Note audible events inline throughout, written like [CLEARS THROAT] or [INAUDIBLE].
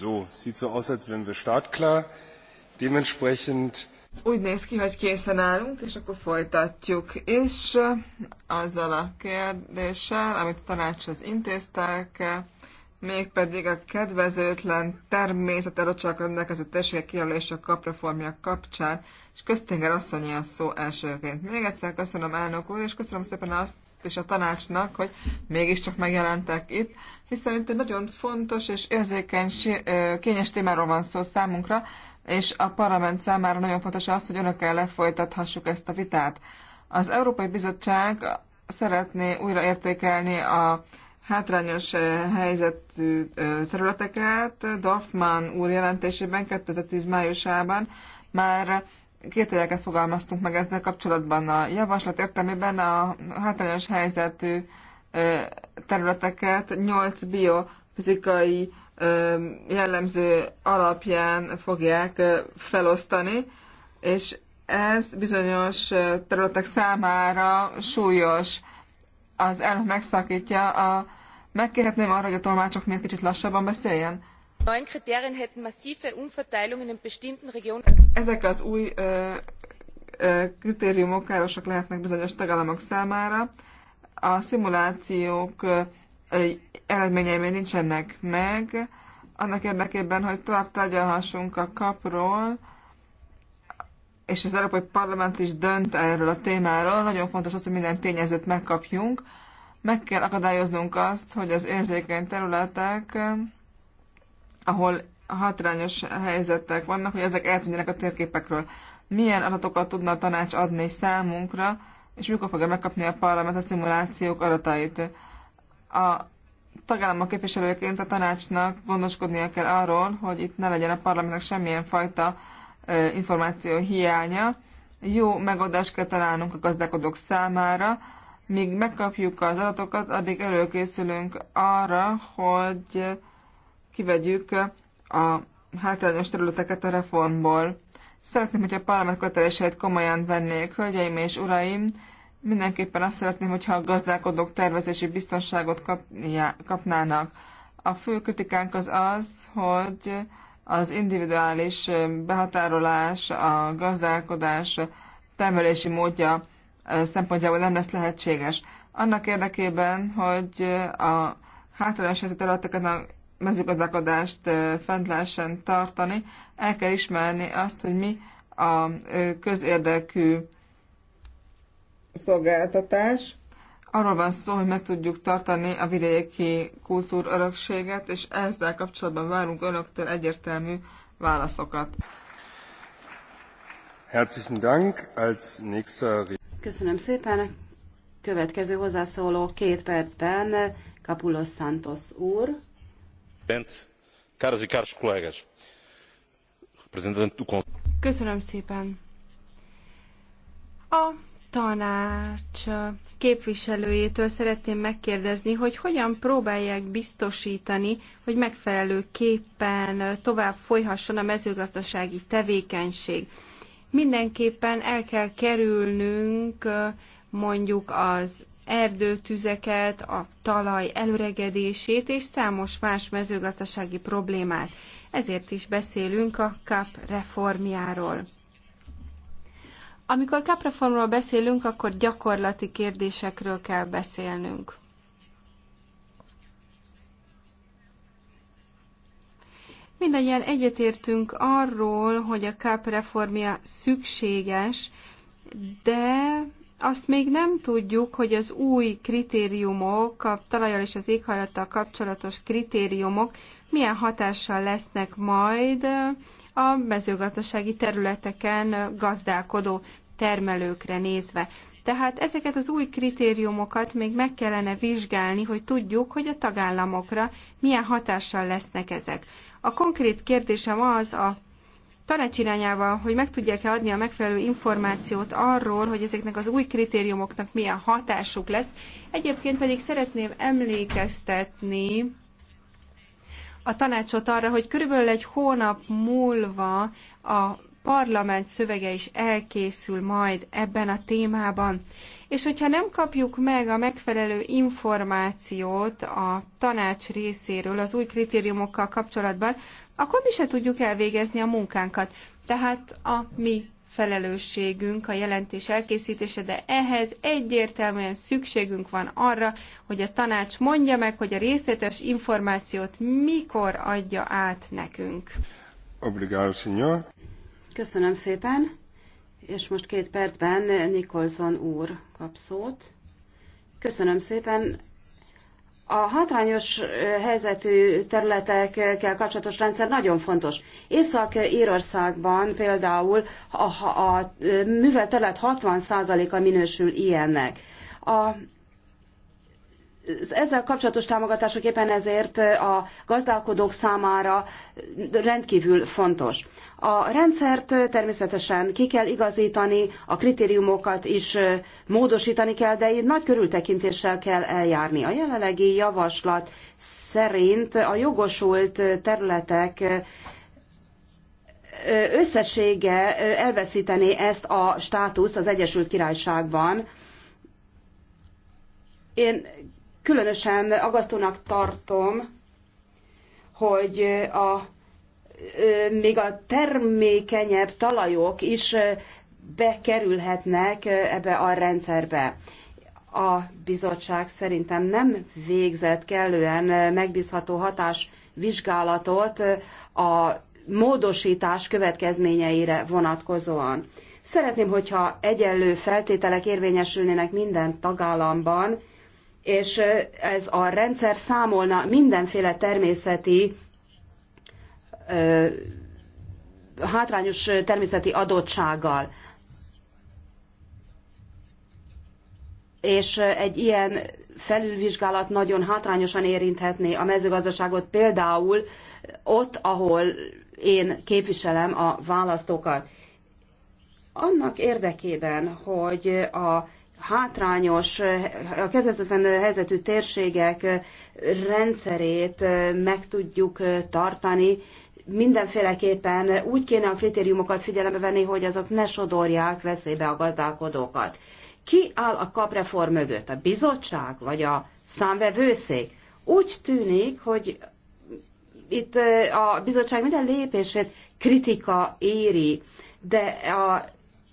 So, sieht so aus, als wären wir startklar. Dementsprechend úgy néz ki, hogy készen állunk, és akkor folytatjuk is uh, azzal a kérdéssel, amit a tanácshoz intéztek, uh, mégpedig a kedvezőtlen természet erőcsak rendelkező térségek kijelölése a kapreformja kapcsán, és Köztinger asszonyi a szó elsőként. Még egyszer köszönöm elnök úr, és köszönöm szépen azt és a tanácsnak, hogy mégiscsak megjelentek itt, hiszen itt egy nagyon fontos és érzékeny, kényes témáról van szó számunkra, és a parlament számára nagyon fontos az, hogy önökkel lefolytathassuk ezt a vitát. Az Európai Bizottság szeretné újraértékelni a hátrányos helyzetű területeket. Dorfman úr jelentésében 2010 májusában már két fogalmaztunk meg ezzel kapcsolatban. A javaslat értelmében a hátrányos helyzetű területeket 8 biofizikai jellemző alapján fogják felosztani, és ez bizonyos területek számára súlyos. Az elnök megszakítja a Megkérhetném arra, hogy a tolmácsok miért kicsit lassabban beszéljen? Ezek az új ö, ö, kritériumok károsak lehetnek bizonyos tagállamok számára. A szimulációk eredményei még nincsenek meg, annak érdekében, hogy tovább tárgyalhassunk a kapról, és az Európai Parlament is dönt erről a témáról. Nagyon fontos az, hogy minden tényezőt megkapjunk. Meg kell akadályoznunk azt, hogy az érzékeny területek ahol hátrányos helyzetek vannak, hogy ezek eltűnjenek a térképekről. Milyen adatokat tudna a tanács adni számunkra, és mikor fogja megkapni a parlament a szimulációk adatait? A tagállamok képviselőként a tanácsnak gondoskodnia kell arról, hogy itt ne legyen a parlamentnek semmilyen fajta információ hiánya. Jó megoldást kell találnunk a gazdálkodók számára, míg megkapjuk az adatokat, addig előkészülünk arra, hogy kivegyük a hátrányos területeket a reformból. Szeretném, hogy a parlament köteleseit komolyan vennék. Hölgyeim és uraim, mindenképpen azt szeretném, hogyha a gazdálkodók tervezési biztonságot kapnia, kapnának. A fő kritikánk az az, hogy az individuális behatárolás, a gazdálkodás termelési módja szempontjából nem lesz lehetséges. Annak érdekében, hogy a hátrányos helyzetű területeken a mezőgazdálkodást fent lehessen tartani, el kell ismerni azt, hogy mi a közérdekű szolgáltatás. Arról van szó, hogy meg tudjuk tartani a vidéki kultúrörökséget, és ezzel kapcsolatban várunk önöktől egyértelmű válaszokat. Herzlichen Dank. Als nächster... Köszönöm szépen. Következő hozzászóló két percben Kapulos Santos úr presidente caras e caros colegas representante do Köszönöm szépen. A tanács képviselőjétől szeretném megkérdezni, hogy hogyan próbálják biztosítani, hogy megfelelőképpen tovább folyhasson a mezőgazdasági tevékenység. Mindenképpen el kell kerülnünk mondjuk az erdőtüzeket, a talaj előregedését és számos más mezőgazdasági problémát. Ezért is beszélünk a KAP reformjáról. Amikor KAP reformról beszélünk, akkor gyakorlati kérdésekről kell beszélnünk. Mindannyian egyetértünk arról, hogy a KAP reformja szükséges, de azt még nem tudjuk, hogy az új kritériumok, a talajjal és az éghajlattal kapcsolatos kritériumok milyen hatással lesznek majd a mezőgazdasági területeken gazdálkodó termelőkre nézve. Tehát ezeket az új kritériumokat még meg kellene vizsgálni, hogy tudjuk, hogy a tagállamokra milyen hatással lesznek ezek. A konkrét kérdésem az a tanács irányába, hogy meg tudják-e adni a megfelelő információt arról, hogy ezeknek az új kritériumoknak milyen hatásuk lesz. Egyébként pedig szeretném emlékeztetni a tanácsot arra, hogy körülbelül egy hónap múlva a parlament szövege is elkészül majd ebben a témában és hogyha nem kapjuk meg a megfelelő információt a tanács részéről az új kritériumokkal kapcsolatban, akkor mi se tudjuk elvégezni a munkánkat. Tehát a mi felelősségünk a jelentés elkészítése, de ehhez egyértelműen szükségünk van arra, hogy a tanács mondja meg, hogy a részletes információt mikor adja át nekünk. Obrigado, senhor. Köszönöm szépen. És most két percben Nikolson úr kap szót. Köszönöm szépen. A hátrányos helyzetű területekkel kapcsolatos rendszer nagyon fontos. Észak-Írországban például a, a, a műveltelet 60%-a minősül ilyennek. A, ezzel kapcsolatos támogatások éppen ezért a gazdálkodók számára rendkívül fontos. A rendszert természetesen ki kell igazítani, a kritériumokat is módosítani kell, de így nagy körültekintéssel kell eljárni. A jelenlegi javaslat szerint a jogosult területek összessége elveszítené ezt a státuszt az Egyesült Királyságban. Én különösen agasztónak tartom, hogy a még a termékenyebb talajok is bekerülhetnek ebbe a rendszerbe. A bizottság szerintem nem végzett kellően megbízható hatás vizsgálatot a módosítás következményeire vonatkozóan. Szeretném, hogyha egyenlő feltételek érvényesülnének minden tagállamban, és ez a rendszer számolna mindenféle természeti hátrányos természeti adottsággal. És egy ilyen felülvizsgálat nagyon hátrányosan érinthetné a mezőgazdaságot, például ott, ahol én képviselem a választókat. Annak érdekében, hogy a hátrányos, a kedvezőtlen helyzetű térségek rendszerét meg tudjuk tartani, mindenféleképpen úgy kéne a kritériumokat figyelembe venni, hogy azok ne sodorják veszélybe a gazdálkodókat. Ki áll a kapreform mögött? A bizottság vagy a számvevőszék? Úgy tűnik, hogy itt a bizottság minden lépését kritika éri, de a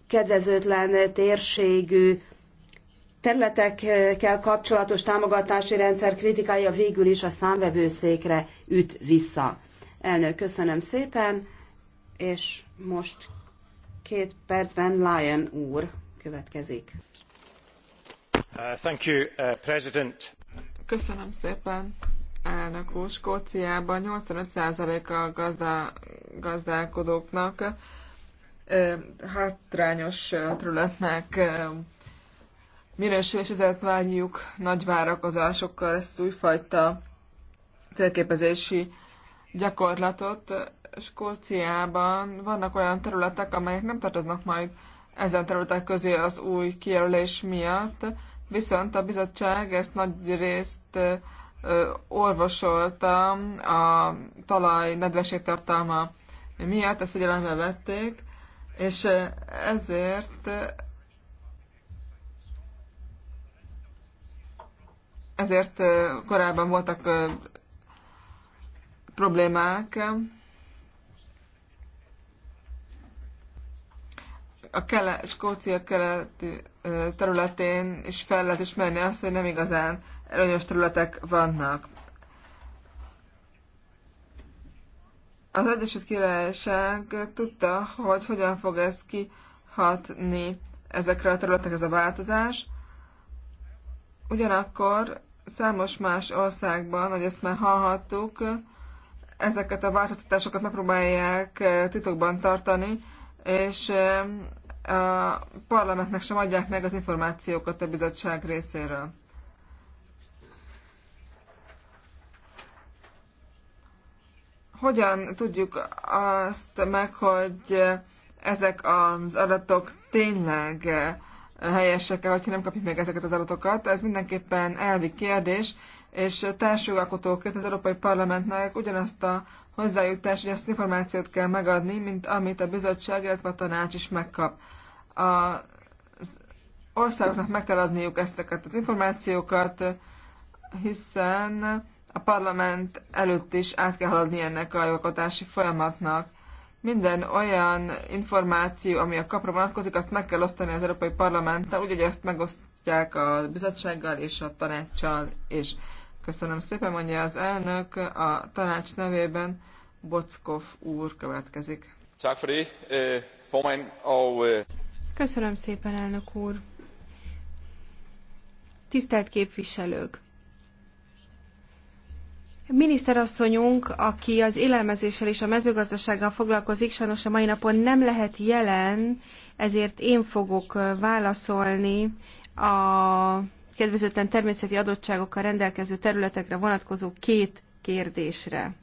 kedvezőtlen térségű területekkel kapcsolatos támogatási rendszer kritikája végül is a számvevőszékre üt vissza. Elnök, köszönöm szépen, és most két percben Lyon úr következik. Uh, thank you, uh, President. Köszönöm szépen, elnök úr. Skóciában 85%-a a gazda, gazdálkodóknak uh, hátrányos területnek uh, minősül, és ezért nagy várakozásokkal ezt újfajta térképezési gyakorlatot. Skóciában vannak olyan területek, amelyek nem tartoznak majd ezen területek közé az új kijelölés miatt, viszont a bizottság ezt nagy részt orvosolta a talaj nedvességtartalma miatt, ezt figyelembe vették, és ezért ezért korábban voltak problémák. A kele, Skócia keleti területén is fel lehet ismerni azt, hogy nem igazán előnyös területek vannak. Az Egyesült Királyság tudta, hogy hogyan fog ez kihatni ezekre a területek ez a változás. Ugyanakkor számos más országban, hogy ezt már hallhattuk, ezeket a változtatásokat megpróbálják titokban tartani, és a parlamentnek sem adják meg az információkat a bizottság részéről. Hogyan tudjuk azt meg, hogy ezek az adatok tényleg helyesek-e, hogyha nem kapjuk meg ezeket az adatokat? Ez mindenképpen elvi kérdés, és társjogalkotóként az Európai Parlamentnek ugyanazt a hozzájutást, hogy az információt kell megadni, mint amit a bizottság, illetve a tanács is megkap. Az országoknak meg kell adniuk ezteket az információkat, hiszen a parlament előtt is át kell haladni ennek a jogalkotási folyamatnak. Minden olyan információ, ami a kapra vonatkozik, azt meg kell osztani az Európai Parlamenttel, úgy, hogy megosztják a bizottsággal és a tanácssal, és Köszönöm szépen, mondja az elnök. A tanács nevében Bockov úr következik. Øh, øh, Köszönöm szépen, elnök úr. Tisztelt képviselők! Miniszterasszonyunk, aki az élelmezéssel és a mezőgazdasággal foglalkozik, sajnos a mai napon nem lehet jelen, ezért én fogok válaszolni a kedvezőtlen természeti adottságokkal rendelkező területekre vonatkozó két kérdésre.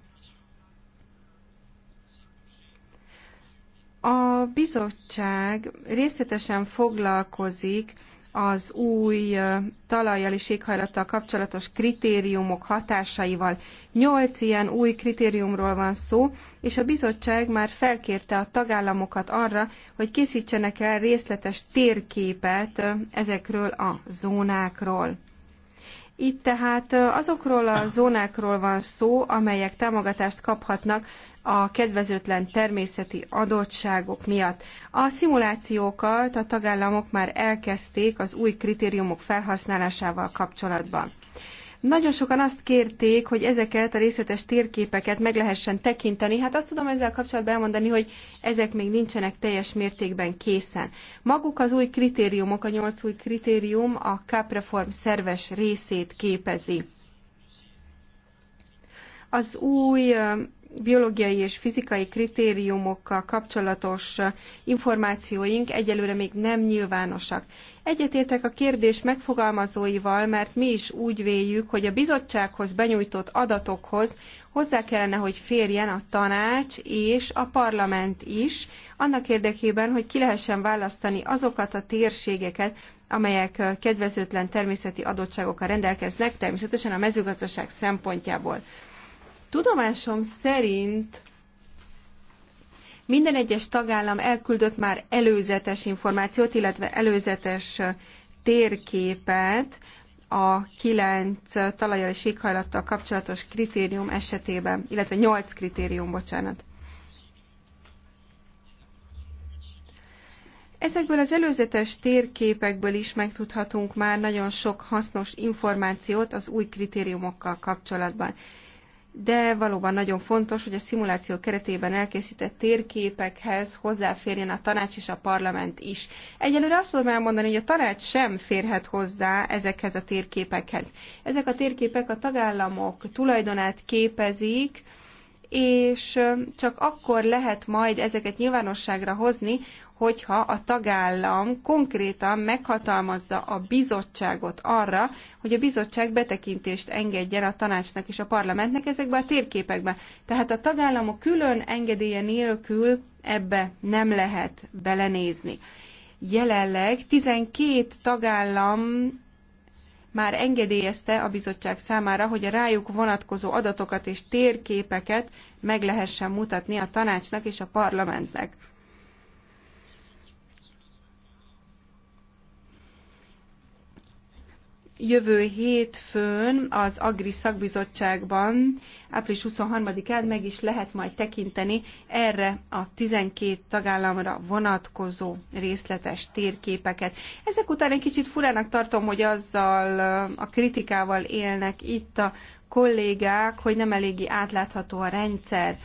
A bizottság részletesen foglalkozik az új talajjal és éghajlattal kapcsolatos kritériumok hatásaival. Nyolc ilyen új kritériumról van szó, és a bizottság már felkérte a tagállamokat arra, hogy készítsenek el részletes térképet ezekről a zónákról. Itt tehát azokról a zónákról van szó, amelyek támogatást kaphatnak a kedvezőtlen természeti adottságok miatt. A szimulációkat a tagállamok már elkezdték az új kritériumok felhasználásával kapcsolatban. Nagyon sokan azt kérték, hogy ezeket a részletes térképeket meg lehessen tekinteni. Hát azt tudom ezzel kapcsolatban elmondani, hogy ezek még nincsenek teljes mértékben készen. Maguk az új kritériumok, a nyolc új kritérium a CAP reform szerves részét képezi. Az új biológiai és fizikai kritériumokkal kapcsolatos információink egyelőre még nem nyilvánosak. Egyetértek a kérdés megfogalmazóival, mert mi is úgy véljük, hogy a bizottsághoz benyújtott adatokhoz hozzá kellene, hogy férjen a tanács és a parlament is, annak érdekében, hogy ki lehessen választani azokat a térségeket, amelyek kedvezőtlen természeti adottságokkal rendelkeznek, természetesen a mezőgazdaság szempontjából. Tudomásom szerint minden egyes tagállam elküldött már előzetes információt, illetve előzetes térképet a kilenc talajjal és éghajlattal kapcsolatos kritérium esetében, illetve nyolc kritérium, bocsánat. Ezekből az előzetes térképekből is megtudhatunk már nagyon sok hasznos információt az új kritériumokkal kapcsolatban de valóban nagyon fontos, hogy a szimuláció keretében elkészített térképekhez hozzáférjen a tanács és a parlament is. Egyelőre azt tudom elmondani, hogy a tanács sem férhet hozzá ezekhez a térképekhez. Ezek a térképek a tagállamok tulajdonát képezik, és csak akkor lehet majd ezeket nyilvánosságra hozni, hogyha a tagállam konkrétan meghatalmazza a bizottságot arra, hogy a bizottság betekintést engedjen a tanácsnak és a parlamentnek ezekbe a térképekbe. Tehát a tagállamok külön engedélye nélkül ebbe nem lehet belenézni. Jelenleg 12 tagállam már engedélyezte a bizottság számára, hogy a rájuk vonatkozó adatokat és térképeket meg lehessen mutatni a tanácsnak és a parlamentnek. jövő hétfőn az Agri szakbizottságban, április 23-án meg is lehet majd tekinteni erre a 12 tagállamra vonatkozó részletes térképeket. Ezek után egy kicsit furának tartom, hogy azzal a kritikával élnek itt a kollégák, hogy nem eléggé átlátható a rendszer.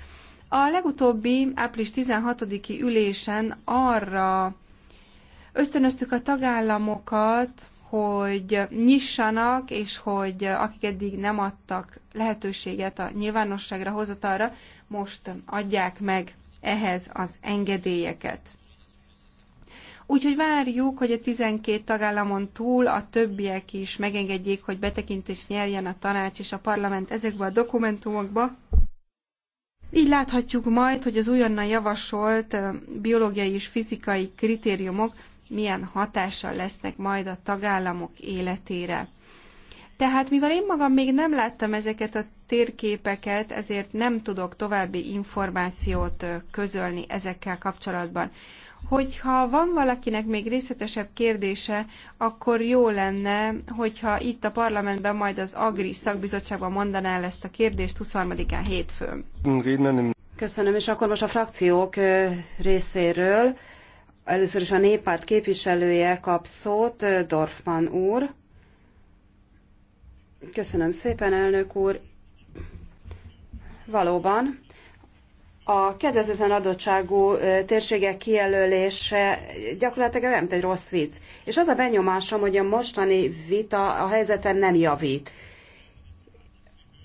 A legutóbbi április 16-i ülésen arra ösztönöztük a tagállamokat, hogy nyissanak, és hogy akik eddig nem adtak lehetőséget a nyilvánosságra hozatalra, most adják meg ehhez az engedélyeket. Úgyhogy várjuk, hogy a 12 tagállamon túl a többiek is megengedjék, hogy betekintést nyerjen a tanács és a parlament ezekbe a dokumentumokba. Így láthatjuk majd, hogy az újonnan javasolt biológiai és fizikai kritériumok milyen hatással lesznek majd a tagállamok életére. Tehát mivel én magam még nem láttam ezeket a térképeket, ezért nem tudok további információt közölni ezekkel kapcsolatban. Hogyha van valakinek még részletesebb kérdése, akkor jó lenne, hogyha itt a parlamentben majd az Agri szakbizottságban mondaná el ezt a kérdést 23-án hétfőn. Köszönöm, és akkor most a frakciók részéről Először is a néppárt képviselője kap szót, Dorfman úr. Köszönöm szépen, elnök úr. Valóban, a kedvezőtlen adottságú térségek kijelölése gyakorlatilag nem egy rossz vicc. És az a benyomásom, hogy a mostani vita a helyzeten nem javít.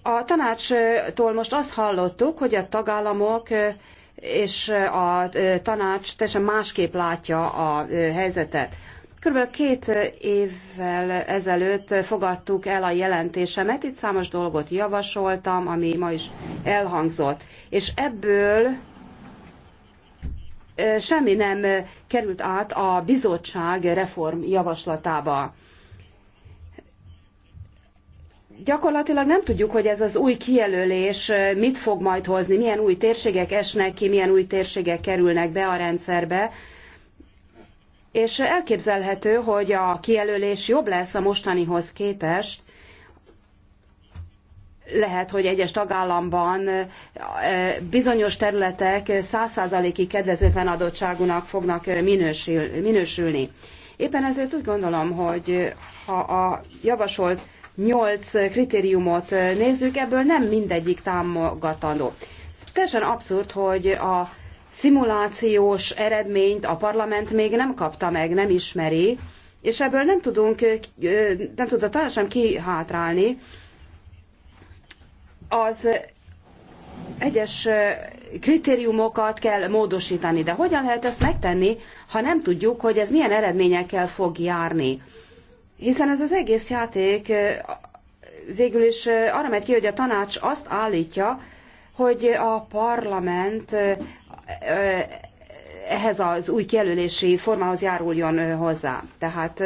A tanácstól most azt hallottuk, hogy a tagállamok és a tanács teljesen másképp látja a helyzetet. Körülbelül két évvel ezelőtt fogadtuk el a jelentésemet, itt számos dolgot javasoltam, ami ma is elhangzott, és ebből semmi nem került át a bizottság reform javaslatába gyakorlatilag nem tudjuk, hogy ez az új kijelölés mit fog majd hozni, milyen új térségek esnek ki, milyen új térségek kerülnek be a rendszerbe. És elképzelhető, hogy a kijelölés jobb lesz a mostanihoz képest. Lehet, hogy egyes tagállamban bizonyos területek százszázaléki ig kedvezőtlen adottságúnak fognak minősülni. Éppen ezért úgy gondolom, hogy ha a javasolt nyolc kritériumot nézzük, ebből nem mindegyik támogatandó. Teljesen abszurd, hogy a szimulációs eredményt a parlament még nem kapta meg, nem ismeri, és ebből nem tudunk, nem tudta talán sem kihátrálni. Az egyes kritériumokat kell módosítani, de hogyan lehet ezt megtenni, ha nem tudjuk, hogy ez milyen eredményekkel fog járni. Hiszen ez az egész játék végül is arra megy ki, hogy a tanács azt állítja, hogy a parlament ehhez az új kijelölési formához járuljon hozzá. Tehát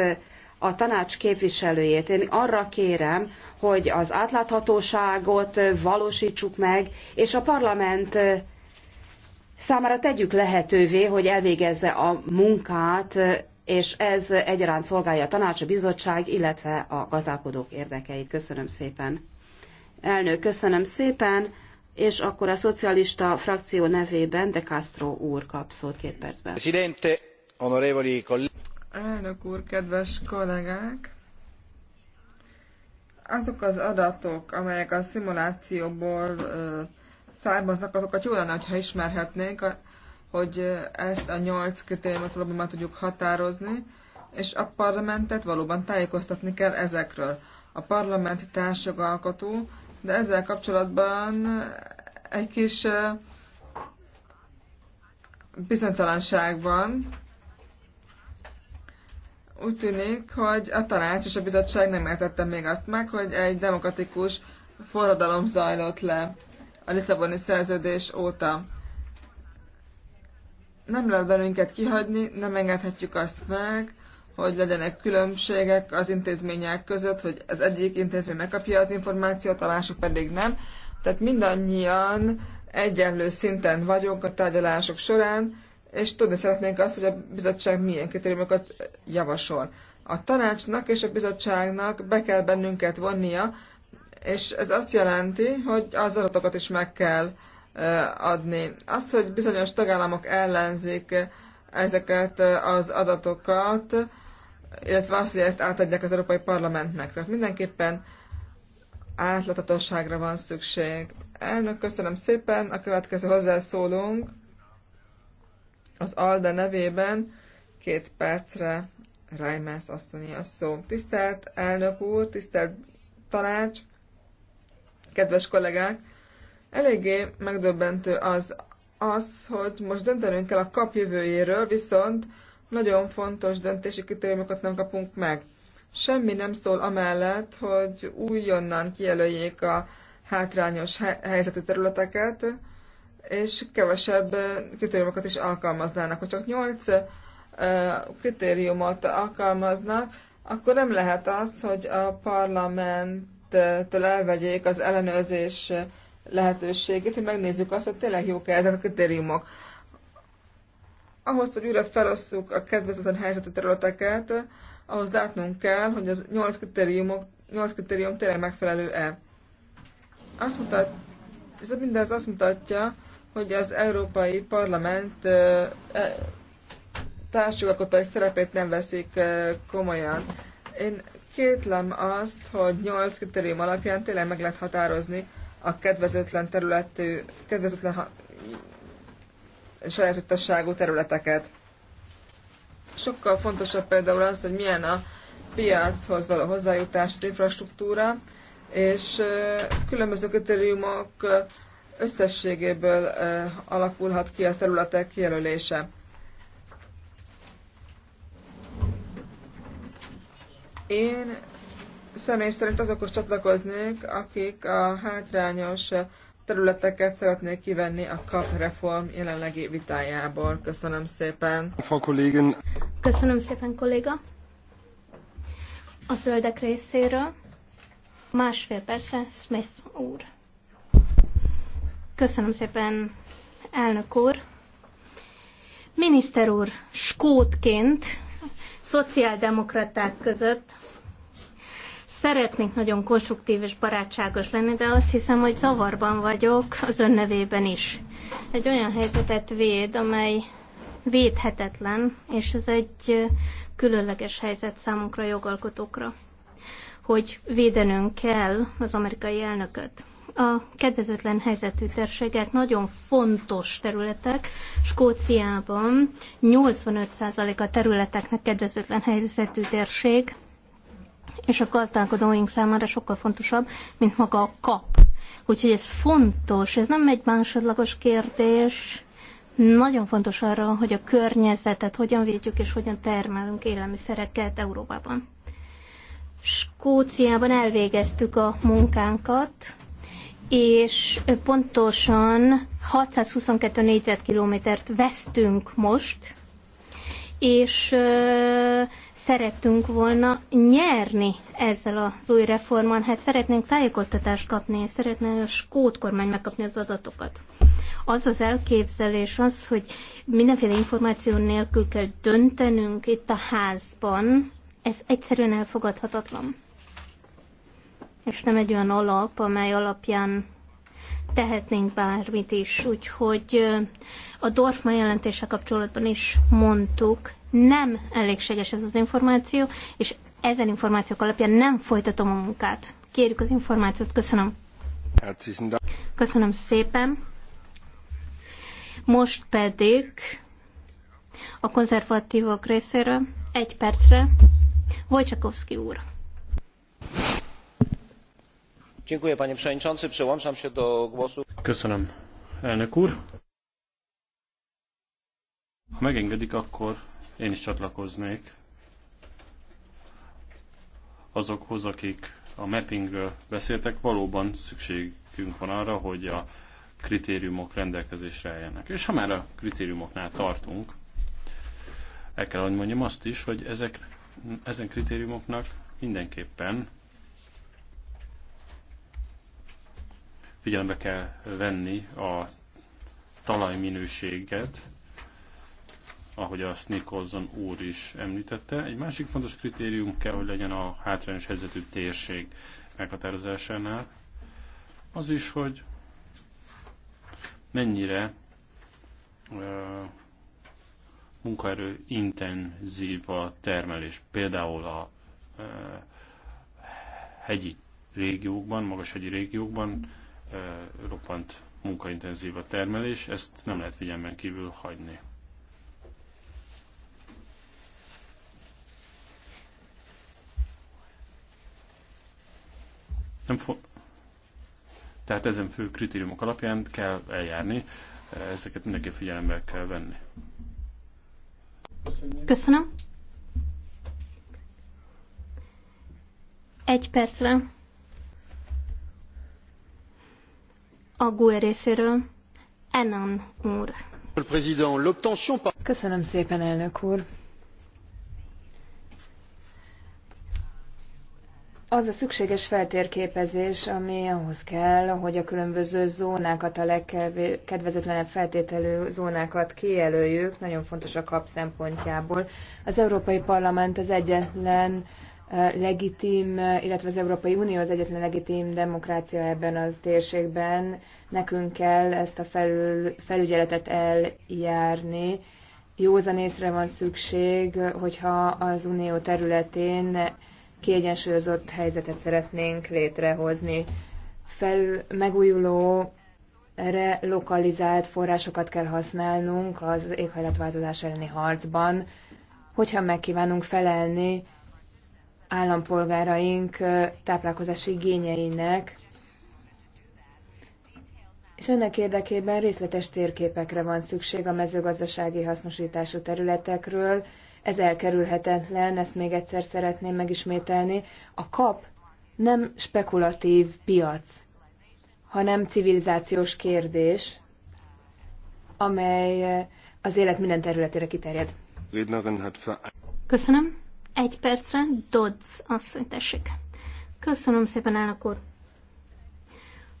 a tanács képviselőjét én arra kérem, hogy az átláthatóságot valósítsuk meg, és a parlament számára tegyük lehetővé, hogy elvégezze a munkát és ez egyaránt szolgálja a tanács, a bizottság, illetve a gazdálkodók érdekeit. Köszönöm szépen. Elnök, köszönöm szépen, és akkor a szocialista frakció nevében De Castro úr kap szót két percben. Presidente, onorevoli Elnök úr, kedves kollégák! Azok az adatok, amelyek a szimulációból ö, származnak, azokat jó lenne, ha ismerhetnénk. A hogy eh, ezt a nyolc kritériumot valóban már tudjuk határozni, és a parlamentet valóban tájékoztatni kell ezekről. A parlament társjogalkotó, de ezzel kapcsolatban egy kis eh, bizonytalanság van. Úgy tűnik, hogy a tanács és a bizottság nem értette még azt meg, hogy egy demokratikus forradalom zajlott le a Lisszaboni szerződés óta nem lehet belünket kihagyni, nem engedhetjük azt meg, hogy legyenek különbségek az intézmények között, hogy az egyik intézmény megkapja az információt, a másik pedig nem. Tehát mindannyian egyenlő szinten vagyunk a tárgyalások során, és tudni szeretnénk azt, hogy a bizottság milyen kritériumokat javasol. A tanácsnak és a bizottságnak be kell bennünket vonnia, és ez azt jelenti, hogy az adatokat is meg kell adni. Az, hogy bizonyos tagállamok ellenzik ezeket az adatokat, illetve azt, hogy ezt átadják az Európai Parlamentnek. Tehát mindenképpen átlatatosságra van szükség. Elnök, köszönöm szépen. A következő hozzászólunk az ALDE nevében két percre Reimers asszonyi a szó. Tisztelt elnök úr, tisztelt tanács, kedves kollégák! Eléggé megdöbbentő az, az, hogy most döntenünk kell a kap jövőjéről, viszont nagyon fontos döntési kritériumokat nem kapunk meg. Semmi nem szól amellett, hogy újonnan kijelöljék a hátrányos helyzetű területeket, és kevesebb kritériumokat is alkalmaznának. Ha csak 8 kritériumot alkalmaznak, akkor nem lehet az, hogy a parlamenttől elvegyék az ellenőrzés lehetőségét, hogy megnézzük azt, hogy tényleg jók-e ezek a kritériumok. Ahhoz, hogy újra felosszuk a kedvezetlen helyzetű területeket, ahhoz látnunk kell, hogy az 8 kritériumok 8 kritérium tényleg megfelelő-e. Azt mutat, ez mindez azt mutatja, hogy az Európai Parlament e, társjogalkotói szerepét nem veszik e, komolyan. Én kétlem azt, hogy 8 kritérium alapján tényleg meg lehet határozni a kedvezőtlen területű, kedvezőtlen sajátosságú területeket. Sokkal fontosabb például az, hogy milyen a piachoz való hozzájutás, az infrastruktúra, és különböző kritériumok összességéből alakulhat ki a területek kijelölése. Én személy szerint azokhoz csatlakoznék, akik a hátrányos területeket szeretnék kivenni a KAP reform jelenlegi vitájából. Köszönöm szépen. Frau Kollégin. Köszönöm szépen, kolléga. A zöldek részéről másfél perce. Smith úr. Köszönöm szépen, elnök úr. Miniszter úr, skótként, szociáldemokraták között Szeretnénk nagyon konstruktív és barátságos lenni, de azt hiszem, hogy zavarban vagyok az ön nevében is. Egy olyan helyzetet véd, amely védhetetlen, és ez egy különleges helyzet számunkra, jogalkotókra, hogy védenünk kell az amerikai elnököt. A kedvezőtlen helyzetű térségek nagyon fontos területek. Skóciában 85% a területeknek kedvezőtlen helyzetű térség, és a gazdálkodóink számára sokkal fontosabb, mint maga a kap. Úgyhogy ez fontos, ez nem egy másodlagos kérdés. Nagyon fontos arra, hogy a környezetet hogyan védjük és hogyan termelünk élelmiszereket Európában. Skóciában elvégeztük a munkánkat, és pontosan 622 négyzetkilométert vesztünk most, és szerettünk volna nyerni ezzel az új reformon, hát szeretnénk tájékoztatást kapni, és szeretnénk a skót kormány megkapni az adatokat. Az az elképzelés az, hogy mindenféle információ nélkül kell döntenünk itt a házban, ez egyszerűen elfogadhatatlan. És nem egy olyan alap, amely alapján tehetnénk bármit is. Úgyhogy a Dorfman jelentése kapcsolatban is mondtuk, nem elégséges ez az információ, és ezen információk alapján nem folytatom a munkát. Kérjük az információt, köszönöm. Köszönöm szépen. Most pedig a konzervatívok részéről egy percre Wojciechowski úr. Köszönöm, elnök úr. Ha megengedik, akkor én is csatlakoznék azokhoz, akik a mappingről beszéltek, valóban szükségünk van arra, hogy a kritériumok rendelkezésre álljanak. És ha már a kritériumoknál tartunk, el kell, hogy mondjam azt is, hogy ezek, ezen kritériumoknak mindenképpen figyelembe kell venni a talajminőséget, ahogy azt Nicholson úr is említette. Egy másik fontos kritérium kell, hogy legyen a hátrányos helyzetű térség meghatározásánál, az is, hogy mennyire uh, munkaerő intenzív a termelés. Például a uh, hegyi régiókban, magas hegyi régiókban uh, roppant munkaintenzív a termelés, ezt nem lehet figyelmen kívül hagyni. Nem fo- Tehát ezen fő kritériumok alapján kell eljárni, ezeket mindenki figyelembe kell venni. Köszönöm. Egy percre. A GUE részéről Enan úr. Köszönöm szépen, elnök úr. az a szükséges feltérképezés, ami ahhoz kell, hogy a különböző zónákat, a legkedvezetlenebb feltételű zónákat kijelöljük, nagyon fontos a kap szempontjából. Az Európai Parlament az egyetlen eh, legitim, eh, illetve az Európai Unió az egyetlen legitim demokrácia ebben a térségben. Nekünk kell ezt a felül, felügyeletet eljárni. Józan észre van szükség, eh, hogyha az unió területén kiegyensúlyozott helyzetet szeretnénk létrehozni. Felül megújuló lokalizált forrásokat kell használnunk az éghajlatváltozás elleni harcban, hogyha megkívánunk felelni állampolgáraink táplálkozási igényeinek, és ennek érdekében részletes térképekre van szükség a mezőgazdasági hasznosítású területekről, ez elkerülhetetlen, ezt még egyszer szeretném megismételni. A kap nem spekulatív piac, hanem civilizációs kérdés, amely az élet minden területére kiterjed. Köszönöm. Egy percre Dodds asszony, tessék. Köszönöm szépen, elnök úr.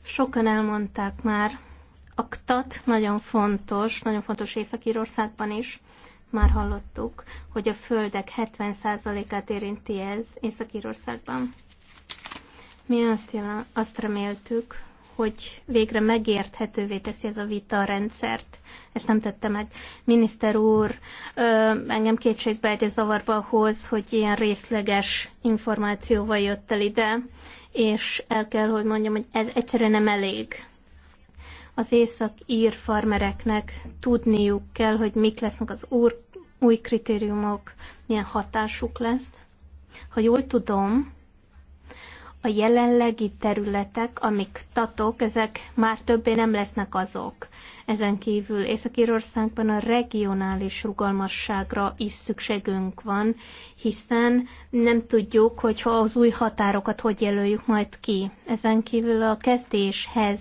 Sokan elmondták már, a KTAT nagyon fontos, nagyon fontos Észak-Írországban is, már hallottuk, hogy a földek 70%-át érinti ez Észak-Írországban. Mi azt, jelen, azt reméltük, hogy végre megérthetővé teszi ez a vita a rendszert. Ezt nem tette meg. Miniszter úr, ö, engem kétségbe egy zavarba hoz, hogy ilyen részleges információval jött el ide, és el kell, hogy mondjam, hogy ez egyszerűen nem elég. Az észak-ír farmereknek tudniuk kell, hogy mik lesznek az úr, új kritériumok, milyen hatásuk lesz. Ha jól tudom, a jelenlegi területek, amik tatok, ezek már többé nem lesznek azok. Ezen kívül Észak-Írországban a regionális rugalmasságra is szükségünk van, hiszen nem tudjuk, hogy ha az új határokat hogy jelöljük majd ki. Ezen kívül a kezdéshez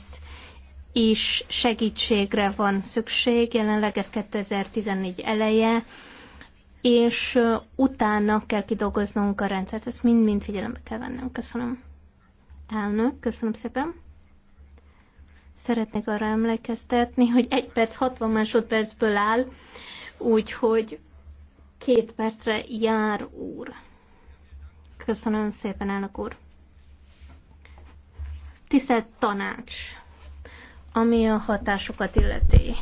is segítségre van szükség, jelenleg ez 2014 eleje, és utána kell kidolgoznunk a rendszert, ezt mind-mind figyelembe kell vennünk. Köszönöm. Elnök, köszönöm szépen. Szeretnék arra emlékeztetni, hogy egy perc 60 másodpercből áll, úgyhogy két percre jár úr. Köszönöm szépen, elnök úr. Tisztelt tanács! ami a hatásokat illeti.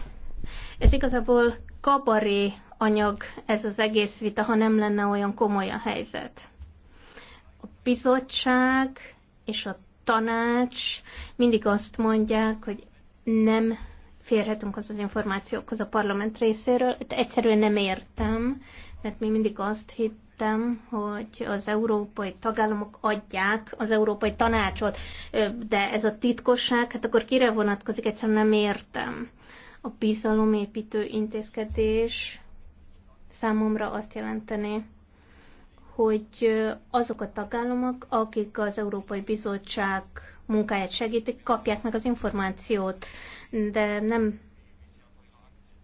Ez igazából kabaré anyag ez az egész vita, ha nem lenne olyan komoly a helyzet. A bizottság és a tanács mindig azt mondják, hogy nem férhetünk az az információkhoz a parlament részéről. Egyszerűen nem értem, mert mi mindig azt hitt, értem, hogy az európai tagállamok adják az európai tanácsot, de ez a titkosság, hát akkor kire vonatkozik, egyszerűen nem értem. A bizalomépítő intézkedés számomra azt jelenteni, hogy azok a tagállamok, akik az Európai Bizottság munkáját segítik, kapják meg az információt, de nem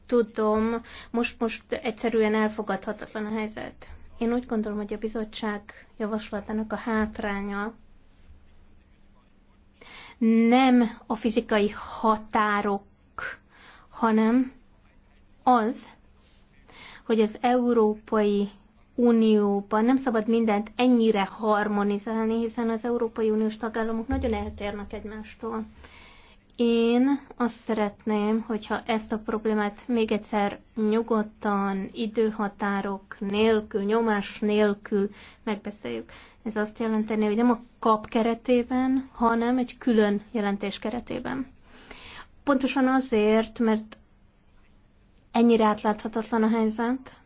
tudom, most, most egyszerűen elfogadhatatlan a helyzet. Én úgy gondolom, hogy a bizottság javaslatának a hátránya nem a fizikai határok, hanem az, hogy az Európai Unióban nem szabad mindent ennyire harmonizálni, hiszen az Európai Uniós tagállamok nagyon eltérnek egymástól. Én azt szeretném, hogyha ezt a problémát még egyszer nyugodtan, időhatárok nélkül, nyomás nélkül megbeszéljük. Ez azt jelenteni, hogy nem a kap keretében, hanem egy külön jelentés keretében. Pontosan azért, mert ennyire átláthatatlan a helyzet,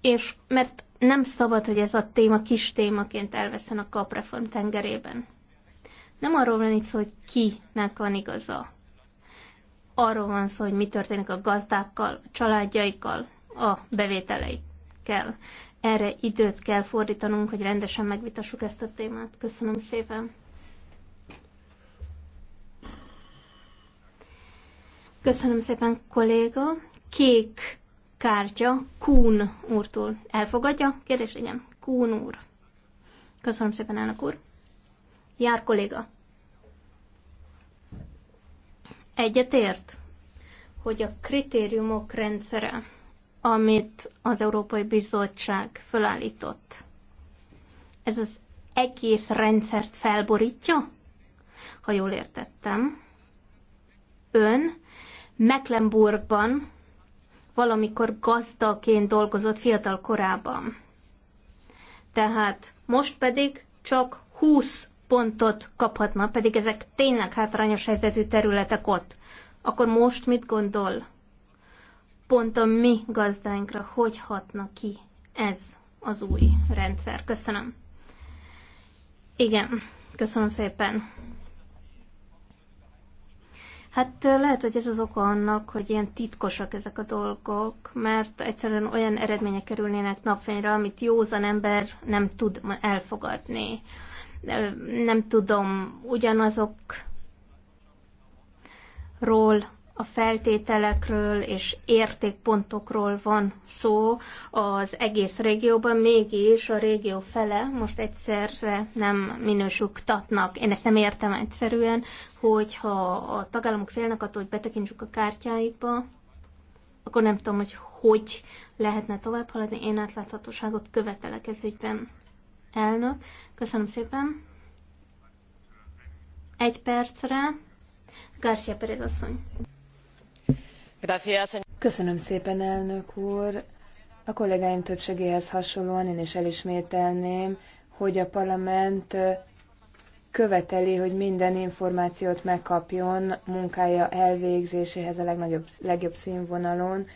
és mert nem szabad, hogy ez a téma kis témaként elveszen a kapreform tengerében. Nem arról van itt szó, hogy kinek van igaza. Arról van szó, hogy mi történik a gazdákkal, a családjaikkal, a bevételeikkel. Erre időt kell fordítanunk, hogy rendesen megvitassuk ezt a témát. Köszönöm szépen. Köszönöm szépen, kolléga. Kék kártya Kún úrtól. Elfogadja? Kérdés? Igen. Kún úr. Köszönöm szépen, elnök úr. Jár kolléga. Egyetért, hogy a kritériumok rendszere, amit az Európai Bizottság felállított, ez az egész rendszert felborítja? Ha jól értettem, ön Mecklenburgban valamikor gazdaként dolgozott fiatal korában. Tehát most pedig csak 20 pontot kaphatna, pedig ezek tényleg hátrányos helyzetű területek ott. Akkor most mit gondol? Pont a mi gazdáinkra hogy hatna ki ez az új rendszer? Köszönöm. Igen, köszönöm szépen. Hát lehet, hogy ez az oka annak, hogy ilyen titkosak ezek a dolgok, mert egyszerűen olyan eredmények kerülnének napfényre, amit józan ember nem tud elfogadni nem tudom, ugyanazokról a feltételekről és értékpontokról van szó az egész régióban, mégis a régió fele most egyszerre nem minősüktatnak. Én ezt nem értem egyszerűen, hogyha a tagállamok félnek attól, hogy betekintsük a kártyáikba, akkor nem tudom, hogy hogy lehetne tovább haladni. Én átláthatóságot követelek ez ügyben. Elnök, köszönöm szépen. Egy percre. Garcia Perez asszony. Köszönöm szépen, elnök úr. A kollégáim többségéhez hasonlóan én is elismételném, hogy a parlament követeli, hogy minden információt megkapjon munkája elvégzéséhez a legnagyobb, legjobb színvonalon,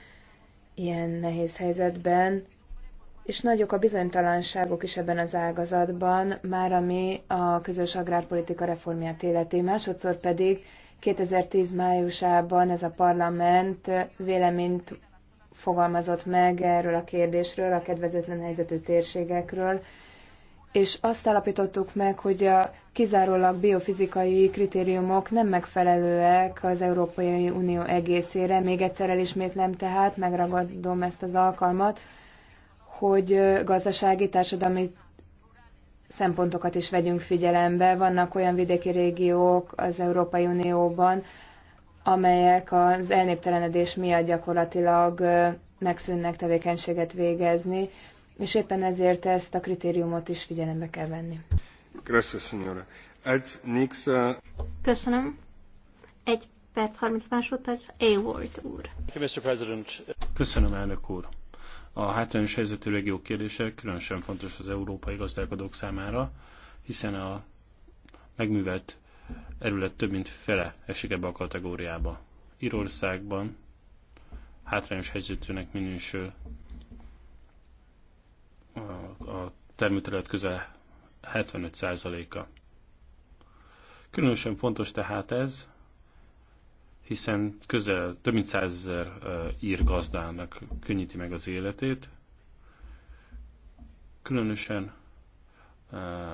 ilyen nehéz helyzetben és nagyok a bizonytalanságok is ebben az ágazatban, már ami a közös agrárpolitika reformját illeti. Másodszor pedig 2010 májusában ez a parlament véleményt fogalmazott meg erről a kérdésről, a kedvezetlen helyzetű térségekről, és azt állapítottuk meg, hogy a kizárólag biofizikai kritériumok nem megfelelőek az Európai Unió egészére. Még egyszer elismétlem tehát, megragadom ezt az alkalmat, hogy gazdasági, társadalmi szempontokat is vegyünk figyelembe. Vannak olyan vidéki régiók az Európai Unióban, amelyek az elnéptelenedés miatt gyakorlatilag megszűnnek tevékenységet végezni, és éppen ezért ezt a kritériumot is figyelembe kell venni. Köszönöm. Egy perc, 30 másodperc, A. Ward úr. Köszönöm, elnök úr. A hátrányos helyzetű régiók kérdése különösen fontos az európai gazdálkodók számára, hiszen a megművelt erület több mint fele esik ebbe a kategóriába. Írországban hátrányos helyzetűnek minősül a, a termőterület közel 75%-a. Különösen fontos tehát ez hiszen közel több mint százezer ír gazdának könnyíti meg az életét, különösen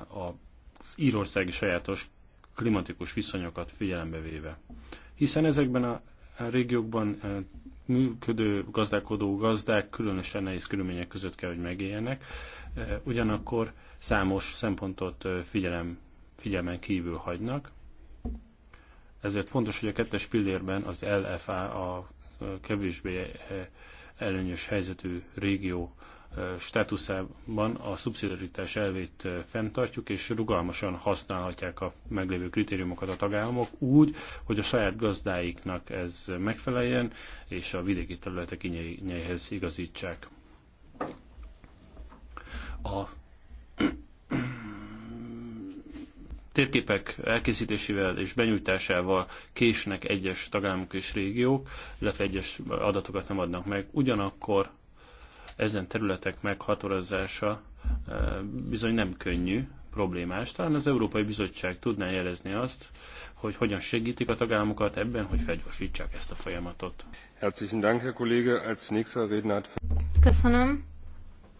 az írországi sajátos klimatikus viszonyokat figyelembe véve. Hiszen ezekben a régiókban működő gazdálkodó gazdák különösen nehéz körülmények között kell, hogy megéljenek, ugyanakkor számos szempontot figyelem, figyelmen kívül hagynak, ezért fontos, hogy a kettes pillérben az LFA, a kevésbé eh, előnyös helyzetű régió eh, státuszában a szubszidiaritás elvét eh, fenntartjuk, és rugalmasan használhatják a meglévő kritériumokat a tagállamok úgy, hogy a saját gazdáiknak ez megfeleljen, és a vidéki területek igényeihez igazítsák. A térképek elkészítésével és benyújtásával késnek egyes tagállamok és régiók, illetve egyes adatokat nem adnak meg. Ugyanakkor ezen területek meghatározása eh, bizony nem könnyű, problémás. Talán az Európai Bizottság tudná jelezni azt, hogy hogyan segítik a tagállamokat ebben, hogy felgyorsítsák ezt a folyamatot. Herzlichen Dank, Herr Kollege. Als nächster Redner hat... Köszönöm.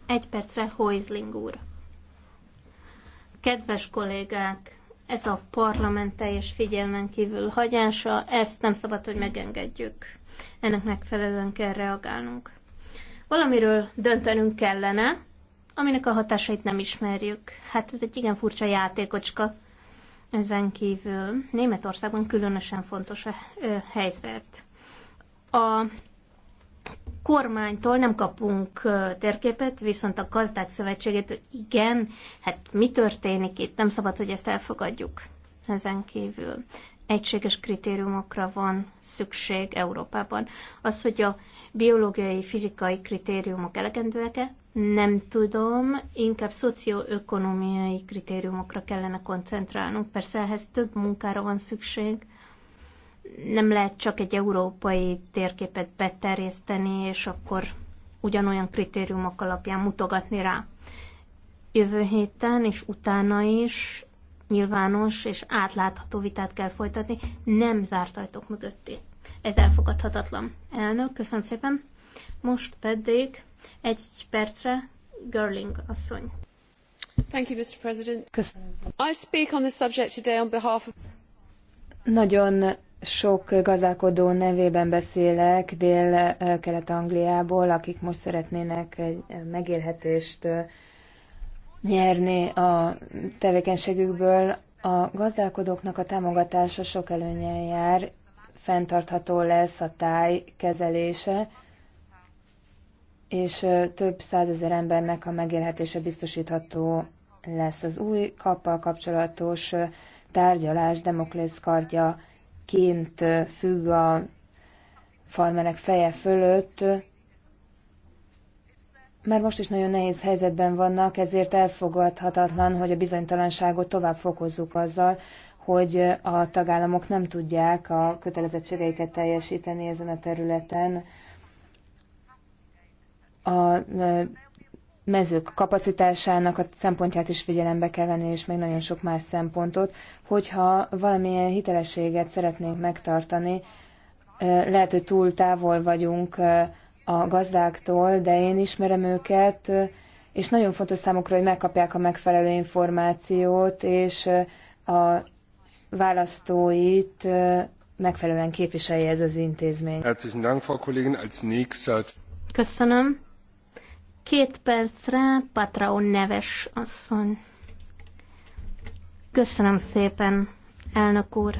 Egy percre Hoizling úr. Kedves kollégák, ez a parlament teljes figyelmen kívül hagyása, ezt nem szabad, hogy megengedjük. Ennek megfelelően kell reagálnunk. Valamiről döntenünk kellene, aminek a hatásait nem ismerjük. Hát ez egy igen furcsa játékocska. Ezen kívül Németországban különösen fontos a helyzet. A kormánytól nem kapunk térképet, viszont a gazdák szövetségét igen, hát mi történik itt, nem szabad, hogy ezt elfogadjuk ezen kívül. Egységes kritériumokra van szükség Európában. Az, hogy a biológiai, fizikai kritériumok elegendőek-e, nem tudom, inkább szocioökonomiai kritériumokra kellene koncentrálnunk. Persze ehhez több munkára van szükség, nem lehet csak egy európai térképet beterjeszteni, és akkor ugyanolyan kritériumok alapján mutogatni rá. Jövő héten és utána is nyilvános és átlátható vitát kell folytatni, nem zárt ajtók mögötti. Ez elfogadhatatlan. Elnök, köszönöm szépen. Most pedig egy percre Görling asszony. Thank you, Mr. President. Köszönöm. I speak on this subject today on behalf of... Nagyon sok gazdálkodó nevében beszélek Dél-Kelet-Angliából, akik most szeretnének egy megélhetést nyerni a tevékenységükből. A gazdálkodóknak a támogatása sok előnyel jár, fenntartható lesz a táj kezelése, és több százezer embernek a megélhetése biztosítható lesz. Az új kappal kapcsolatos tárgyalás Demoklész kardja kint függ a farmerek feje fölött, már most is nagyon nehéz helyzetben vannak, ezért elfogadhatatlan, hogy a bizonytalanságot tovább fokozzuk azzal, hogy a tagállamok nem tudják a kötelezettségeiket teljesíteni ezen a területen. A mezők kapacitásának a szempontját is figyelembe kell venni, és még nagyon sok más szempontot, hogyha valamilyen hitelességet szeretnénk megtartani, lehet, hogy túl távol vagyunk a gazdáktól, de én ismerem őket, és nagyon fontos számukra, hogy megkapják a megfelelő információt, és a választóit megfelelően képviselje ez az intézmény. Köszönöm. Két percre Patraon neves asszony. Köszönöm szépen, elnök úr.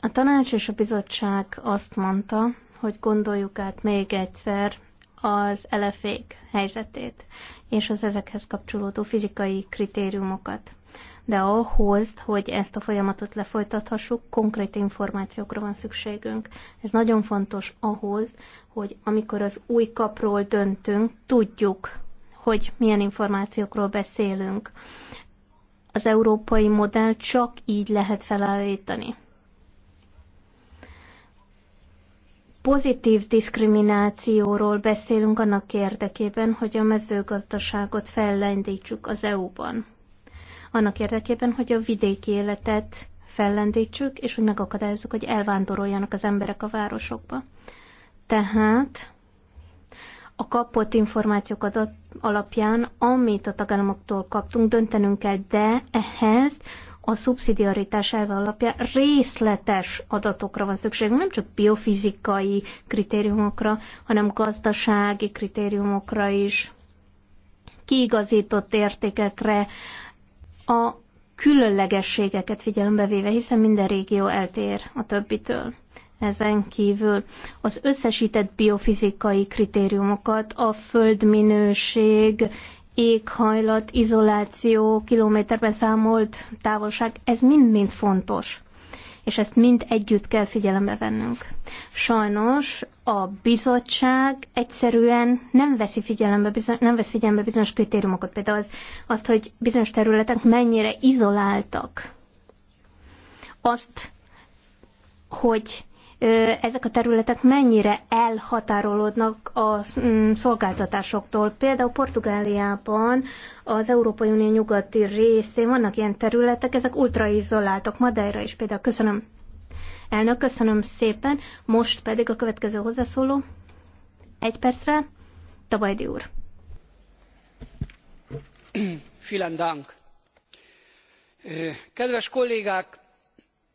A tanács és a bizottság azt mondta, hogy gondoljuk át még egyszer az elefék helyzetét, és az ezekhez kapcsolódó fizikai kritériumokat. De ahhoz, hogy ezt a folyamatot lefolytathassuk, konkrét információkra van szükségünk. Ez nagyon fontos ahhoz, hogy amikor az új kapról döntünk, tudjuk, hogy milyen információkról beszélünk. Az európai modell csak így lehet felállítani. pozitív diszkriminációról beszélünk annak érdekében, hogy a mezőgazdaságot fellendítsük az EU-ban. Annak érdekében, hogy a vidéki életet fellendítsük, és hogy megakadályozzuk, hogy elvándoroljanak az emberek a városokba. Tehát a kapott információk adat alapján, amit a tagállamoktól kaptunk, döntenünk kell, de ehhez a szubszidiaritás elve alapján részletes adatokra van szükség, nem csak biofizikai kritériumokra, hanem gazdasági kritériumokra is, kiigazított értékekre, a különlegességeket figyelembe véve, hiszen minden régió eltér a többitől. Ezen kívül az összesített biofizikai kritériumokat, a földminőség éghajlat, izoláció, kilométerben számolt távolság, ez mind-mind fontos. És ezt mind együtt kell figyelembe vennünk. Sajnos a bizottság egyszerűen nem, veszi figyelembe, nem vesz figyelembe bizonyos kritériumokat, például az, azt, hogy bizonyos területek mennyire izoláltak. Azt, hogy ezek a területek mennyire elhatárolódnak a mm, szolgáltatásoktól. Például Portugáliában az Európai Unió nyugati részén vannak ilyen területek, ezek ultraizoláltak, Madeira is például. Köszönöm. Elnök, köszönöm szépen. Most pedig a következő hozzászóló. Egy percre. Tabajdi úr. Vielen Dank. Kedves kollégák,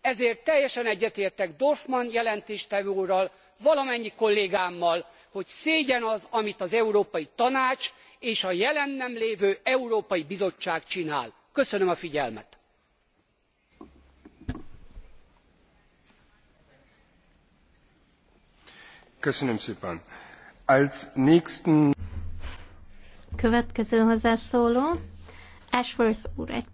ezért teljesen egyetértek dorfmann jelentéstevő úrral valamennyi kollégámmal hogy szégyen az amit az európai tanács és a jelen nem lévő európai bizottság csinál. köszönöm a figyelmet. Köszönöm Ashworth úr, egy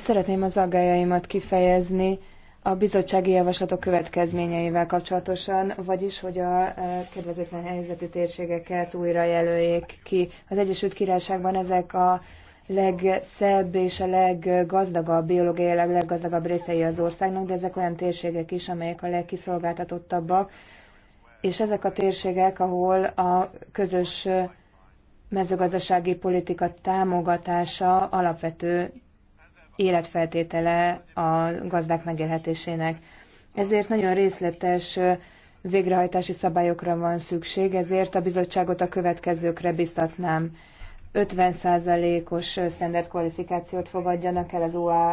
Szeretném az aggájaimat kifejezni a bizottsági javaslatok következményeivel kapcsolatosan, vagyis hogy a eh, kedvezőtlen helyzetű térségeket újra jelöljék ki. Az Egyesült Királyságban ezek a legszebb és a leggazdagabb, biológiailag leggazdagabb részei az országnak, de ezek olyan térségek is, amelyek a legkiszolgáltatottabbak, és ezek a térségek, ahol a közös mezőgazdasági politika támogatása alapvető életfeltétele a gazdák megélhetésének. Ezért nagyon részletes végrehajtási szabályokra van szükség, ezért a bizottságot a következőkre biztatnám. 50%-os standard kvalifikációt fogadjanak el az UA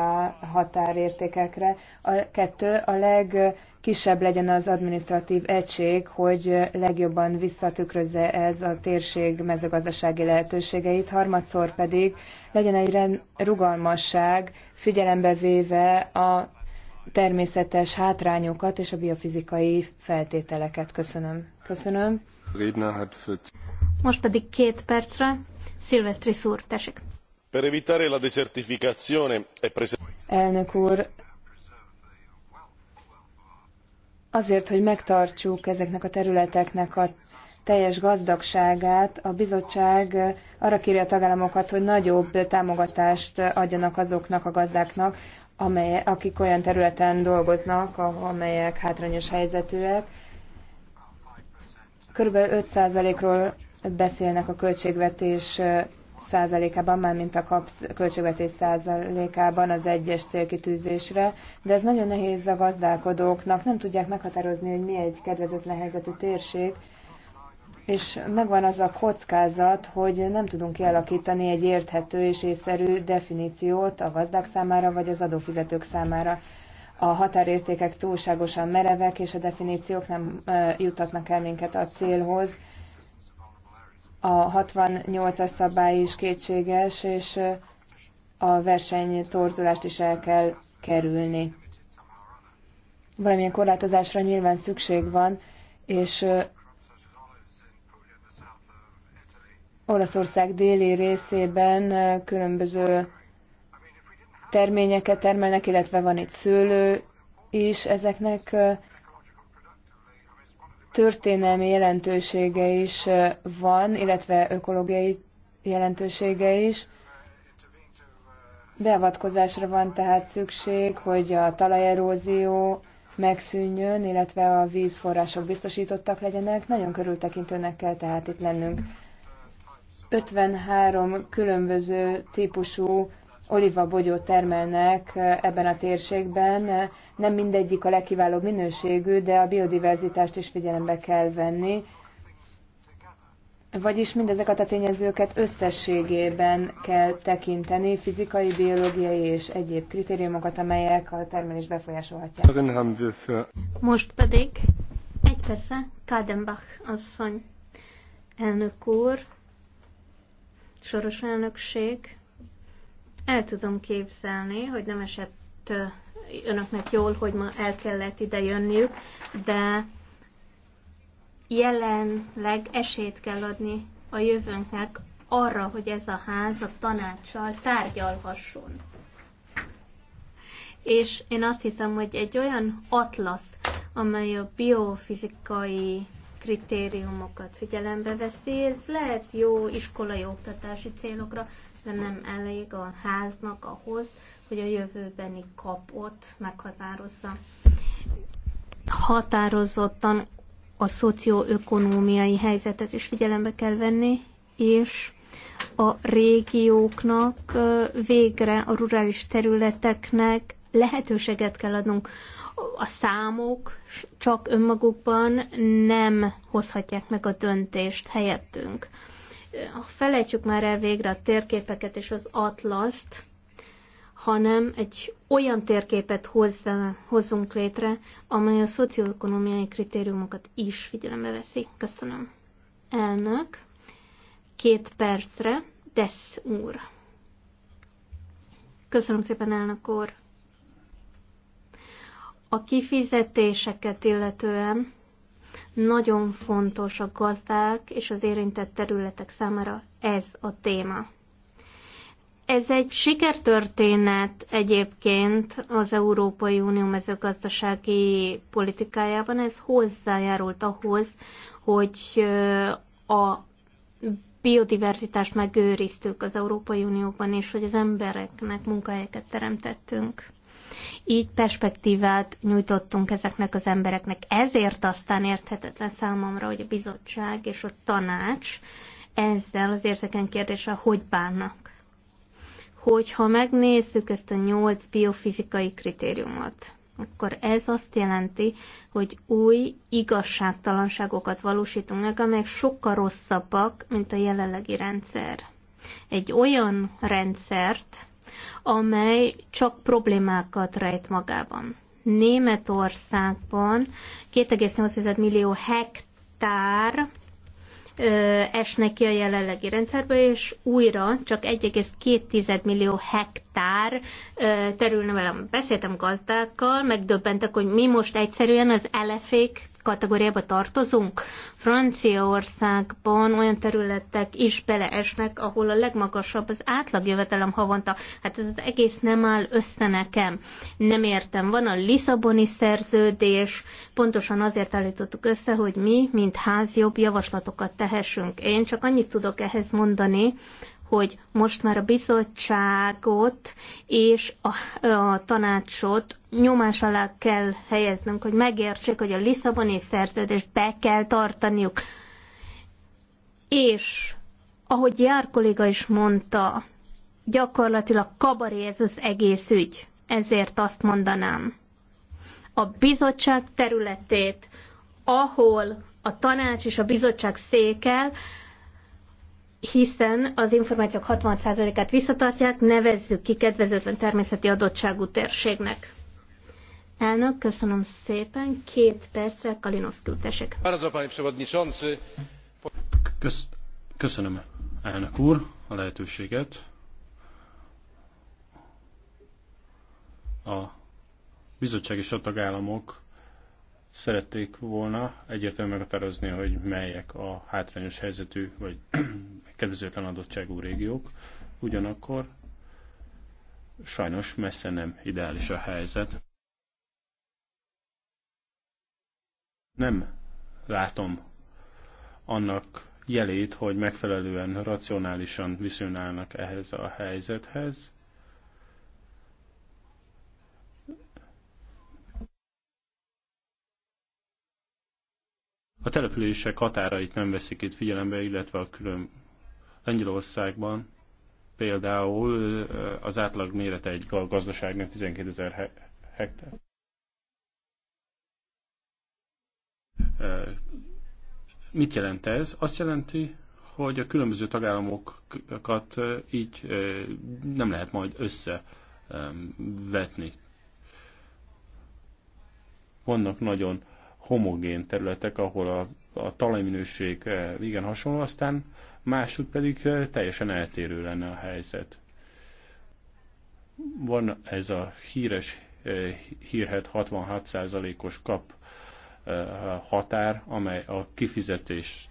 határértékekre. A kettő, a leg kisebb legyen az administratív egység, hogy legjobban visszatükrözze ez a térség mezőgazdasági lehetőségeit, harmadszor pedig legyen egy rugalmasság, figyelembe véve a természetes hátrányokat és a biofizikai feltételeket. Köszönöm. Köszönöm. Hát Most pedig két percre. Szilvesztri szúr, tessék. Per evitare la desertificazione e Elnök úr, Azért, hogy megtartsuk ezeknek a területeknek a teljes gazdagságát, a bizottság arra kéri a tagállamokat, hogy nagyobb támogatást adjanak azoknak a gazdáknak, amely, akik olyan területen dolgoznak, amelyek hátrányos helyzetűek. Körülbelül 5%-ról beszélnek a költségvetés százalékában, mint a kapsz, költségvetés százalékában az egyes célkitűzésre, de ez nagyon nehéz a gazdálkodóknak, nem tudják meghatározni, hogy mi egy kedvezetlen helyzetű térség, és megvan az a kockázat, hogy nem tudunk kialakítani egy érthető és észszerű definíciót a gazdák számára vagy az adófizetők számára. A határértékek túlságosan merevek, és a definíciók nem jutatnak el minket a célhoz a 68-as szabály is kétséges, és a verseny torzulást is el kell kerülni. Valamilyen korlátozásra nyilván szükség van, és Olaszország déli részében különböző terményeket termelnek, illetve van itt szőlő is ezeknek történelmi jelentősége is van, illetve ökológiai jelentősége is. Beavatkozásra van tehát szükség, hogy a talajerózió megszűnjön, illetve a vízforrások biztosítottak legyenek. Nagyon körültekintőnek kell tehát itt lennünk. 53 különböző típusú Oliva, bogyót termelnek ebben a térségben. Nem mindegyik a legkiválóbb minőségű, de a biodiverzitást is figyelembe kell venni. Vagyis mindezeket a tényezőket összességében kell tekinteni, fizikai, biológiai és egyéb kritériumokat, amelyek a termelés befolyásolhatják. Most pedig egy persze Kádenbach asszony, elnök úr, soros elnökség, el tudom képzelni, hogy nem esett önöknek jól, hogy ma el kellett ide jönniük, de jelenleg esélyt kell adni a jövőnknek arra, hogy ez a ház a tanácssal tárgyalhasson. És én azt hiszem, hogy egy olyan atlasz, amely a biofizikai kritériumokat figyelembe veszi, ez lehet jó iskolai oktatási célokra, de nem elég a háznak ahhoz, hogy a jövőbeni kapot meghatározza. Határozottan a szocioökonómiai helyzetet is figyelembe kell venni, és a régióknak végre a rurális területeknek lehetőséget kell adnunk. A számok csak önmagukban nem hozhatják meg a döntést helyettünk felejtsük már el végre a térképeket és az atlaszt, hanem egy olyan térképet hozzá, hozzunk létre, amely a szocioekonomiai kritériumokat is figyelembe veszi. Köszönöm. Elnök, két percre, tesz úr. Köszönöm szépen, elnök úr. A kifizetéseket illetően nagyon fontos a gazdák és az érintett területek számára ez a téma. Ez egy sikertörténet egyébként az Európai Unió mezőgazdasági politikájában. Ez hozzájárult ahhoz, hogy a biodiverzitást megőriztük az Európai Unióban, és hogy az embereknek munkahelyeket teremtettünk. Így perspektívát nyújtottunk ezeknek az embereknek. Ezért aztán érthetetlen számomra, hogy a bizottság és a tanács ezzel az érzeken kérdéssel hogy bánnak. Hogyha megnézzük ezt a nyolc biofizikai kritériumot, akkor ez azt jelenti, hogy új igazságtalanságokat valósítunk meg, amelyek sokkal rosszabbak, mint a jelenlegi rendszer. Egy olyan rendszert, amely csak problémákat rejt magában. Németországban 2,8 millió hektár esnek ki a jelenlegi rendszerbe, és újra csak 1,2 millió hektár terülne velem. Beszéltem gazdákkal, megdöbbentek, hogy mi most egyszerűen az elefék kategóriába tartozunk. Franciaországban olyan területek is beleesnek, ahol a legmagasabb az jövetelem havonta. Hát ez az egész nem áll össze nekem. Nem értem. Van a Lisszaboni szerződés. Pontosan azért állítottuk össze, hogy mi, mint házjobb javaslatokat tehessünk. Én csak annyit tudok ehhez mondani, hogy most már a bizottságot és a, a tanácsot nyomás alá kell helyeznünk, hogy megértsék, hogy a Lisszaboni szerződést be kell tartaniuk. És ahogy Jár kolléga is mondta, gyakorlatilag kabaré ez az egész ügy. Ezért azt mondanám, a bizottság területét, ahol a tanács és a bizottság székel, hiszen az információk 60%-át visszatartják, nevezzük ki kedvezőtlen természeti adottságú térségnek. Elnök, köszönöm szépen. Két percre Kalinowski tessék. köszönöm, elnök úr, a lehetőséget. A bizottság és a tagállamok szerették volna egyértelműen meghatározni, hogy melyek a hátrányos helyzetű vagy [CLEARS THROAT] kedvezőtlen adottságú régiók. Ugyanakkor sajnos messze nem ideális a helyzet. Nem látom annak jelét, hogy megfelelően racionálisan viszonyulnának ehhez a helyzethez. A települések határait nem veszik itt figyelembe, illetve a külön Lengyelországban például az átlag mérete egy gazdaságnak 12 ezer hektár. Mit jelent ez? Azt jelenti, hogy a különböző tagállamokat így nem lehet majd összevetni. Vannak nagyon homogén területek, ahol a, a talajminőség eh, igen hasonló, aztán máshogy pedig eh, teljesen eltérő lenne a helyzet. Van ez a híres eh, hírhet 66%-os kap határ, amely a kifizetés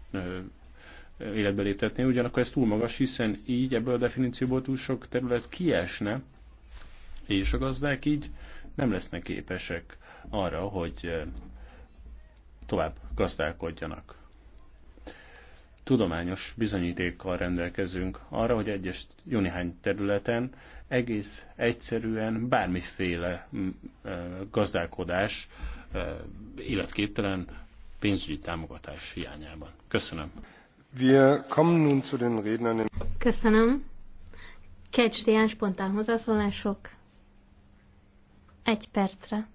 életbe léptetné, ugyanakkor ez túl magas, hiszen így ebből a definícióból túl sok terület kiesne, és a gazdák így nem lesznek képesek arra, hogy tovább gazdálkodjanak. Tudományos bizonyítékkal rendelkezünk arra, hogy egyes jó néhány területen egész egyszerűen bármiféle mm, gazdálkodás életképtelen pénzügyi támogatás hiányában. Köszönöm. Wir kommen nun zu den Rednern. Köszönöm. Kecsdián spontán hozzászólások. Egy percre.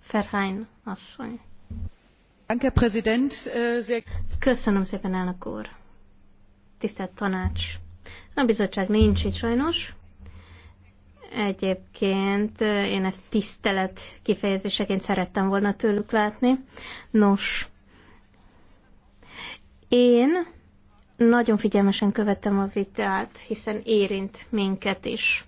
Ferhány asszony. Äh, Köszönöm szépen, elnök úr. Tisztelt tanács. A bizottság nincs itt sajnos. Egyébként én ezt tisztelet kifejezéseként szerettem volna tőlük látni. Nos, én nagyon figyelmesen követtem a vitát, hiszen érint minket is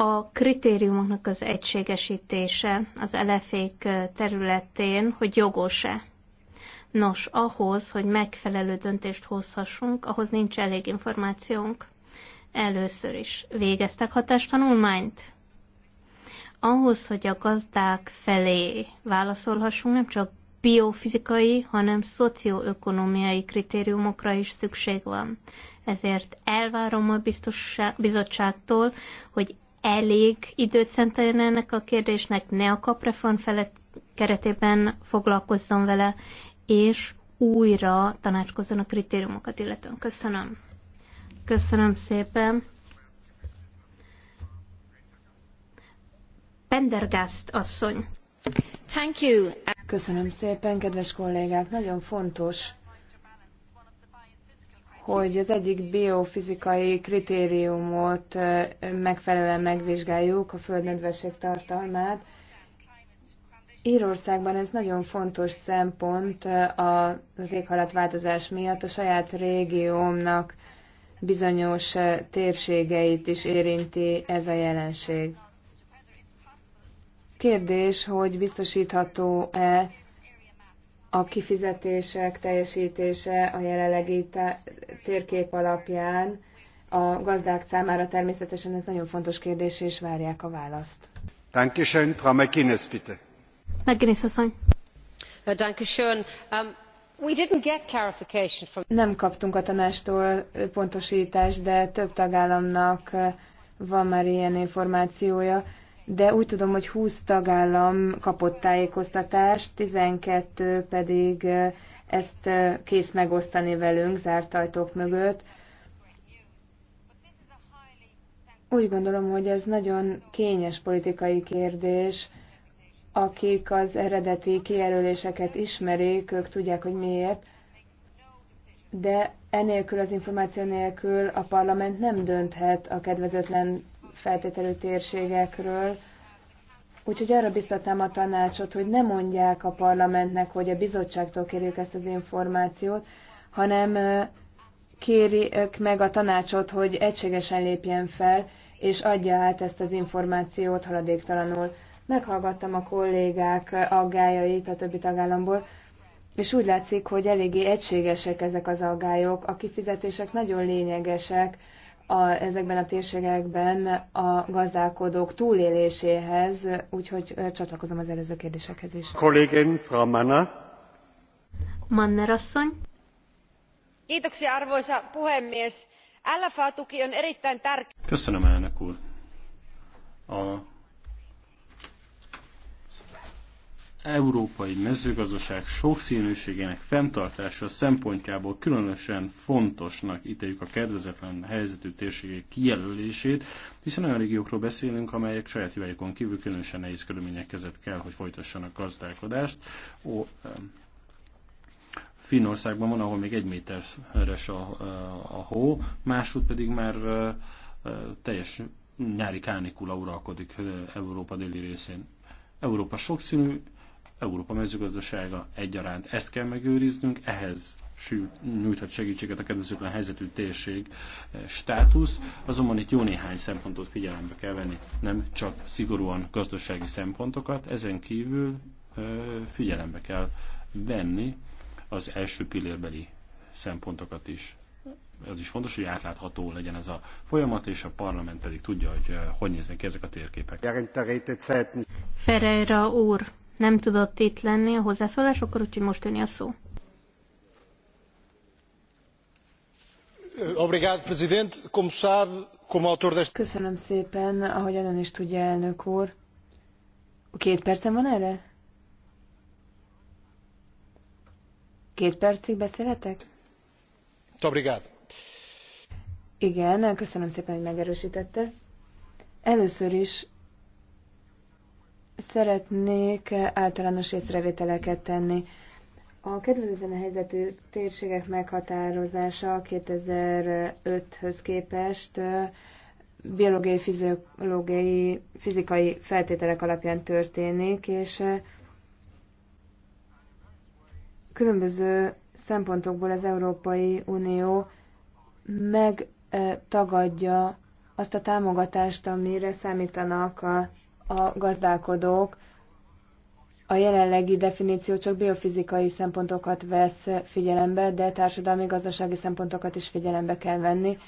a kritériumoknak az egységesítése az elefék területén, hogy jogos-e. Nos, ahhoz, hogy megfelelő döntést hozhassunk, ahhoz nincs elég információnk. Először is végeztek hatástanulmányt. Ahhoz, hogy a gazdák felé válaszolhassunk, nem csak biofizikai, hanem szocioökonomiai kritériumokra is szükség van. Ezért elvárom a bizottságtól, hogy elég időt szenteljen ennek a kérdésnek, ne a kapreform felett keretében foglalkozzon vele, és újra tanácskozzon a kritériumokat illetően. Köszönöm. Köszönöm szépen. Pendergast asszony. Thank you. Köszönöm szépen, kedves kollégák. Nagyon fontos hogy az egyik biofizikai kritériumot megfelelően megvizsgáljuk, a földnedvesség tartalmát. Írországban ez nagyon fontos szempont az éghajlatváltozás miatt a saját régiómnak bizonyos térségeit is érinti ez a jelenség. Kérdés, hogy biztosítható-e a kifizetések teljesítése a jelenlegi térkép alapján a gazdák számára természetesen ez nagyon fontos kérdés, és várják a választ. Dankeschön, Frau McGuinness, bitte. McGuinness asszony. Dankeschön. Um, we didn't get clarification from... Nem kaptunk a tanástól pontosítást, de több tagállamnak van már ilyen információja de úgy tudom, hogy 20 tagállam kapott tájékoztatást, 12 pedig ezt kész megosztani velünk zárt ajtók mögött. Úgy gondolom, hogy ez nagyon kényes politikai kérdés. Akik az eredeti kijelöléseket ismerik, ők tudják, hogy miért, de enélkül az információ nélkül a parlament nem dönthet a kedvezetlen feltételű térségekről, Úgyhogy arra biztatnám a tanácsot, hogy ne mondják a parlamentnek, hogy a bizottságtól kérjük ezt az információt, hanem kérjük meg a tanácsot, hogy egységesen lépjen fel, és adja át ezt az információt haladéktalanul. Meghallgattam a kollégák aggájait a többi tagállamból, és úgy látszik, hogy eléggé egységesek ezek az aggályok. A kifizetések nagyon lényegesek a, ezekben a térségekben a gazdálkodók túléléséhez, úgyhogy csatlakozom az előző kérdésekhez is. Kollégén, Frau Manna. Manner asszony. Kiitoksia, arvoisa puhemies. LFA-tuki on erittäin tärkeä. Köszönöm, elnök úr. A európai mezőgazdaság sokszínűségének fenntartása szempontjából különösen fontosnak ítéljük a kedvezetlen helyzetű térségek kijelölését, hiszen olyan régiókról beszélünk, amelyek saját hibájukon kívül különösen nehéz körülmények között kell, hogy folytassanak gazdálkodást. Ó, Finnországban van, ahol még egy méteres a, a hó, máshogy pedig már teljes nyári kánikula uralkodik Európa déli részén. Európa sokszínű, Európa mezőgazdasága egyaránt. Ezt kell megőriznünk, ehhez nyújthat segítséget a kedvezőtlen helyzetű térség eh, státusz, azonban itt jó néhány szempontot figyelembe kell venni, nem csak szigorúan gazdasági szempontokat, ezen kívül eh, figyelembe kell venni az első pillérbeli szempontokat is. Az is fontos, hogy átlátható legyen ez a folyamat, és a parlament pedig tudja, hogy eh, hogy néznek ki ezek a térképek. Ferreira úr, nem tudott itt lenni a hozzászólásokkor, úgyhogy most öni a szó. Eh, köszönöm szépen, ahogy ön is tudja, elnök úr. Két percem van erre? Két percig beszélhetek? Obrigado. Igen, köszönöm szépen, hogy megerősítette. Először is Szeretnék általános észrevételeket tenni. A kedvezőtlen helyzetű térségek meghatározása 2005-höz képest biológiai, fiziológiai, fizikai feltételek alapján történik, és különböző szempontokból az Európai Unió megtagadja azt a támogatást, amire számítanak a a gazdálkodók. A jelenlegi definíció csak biofizikai szempontokat vesz figyelembe, de társadalmi-gazdasági szempontokat is figyelembe kell venni,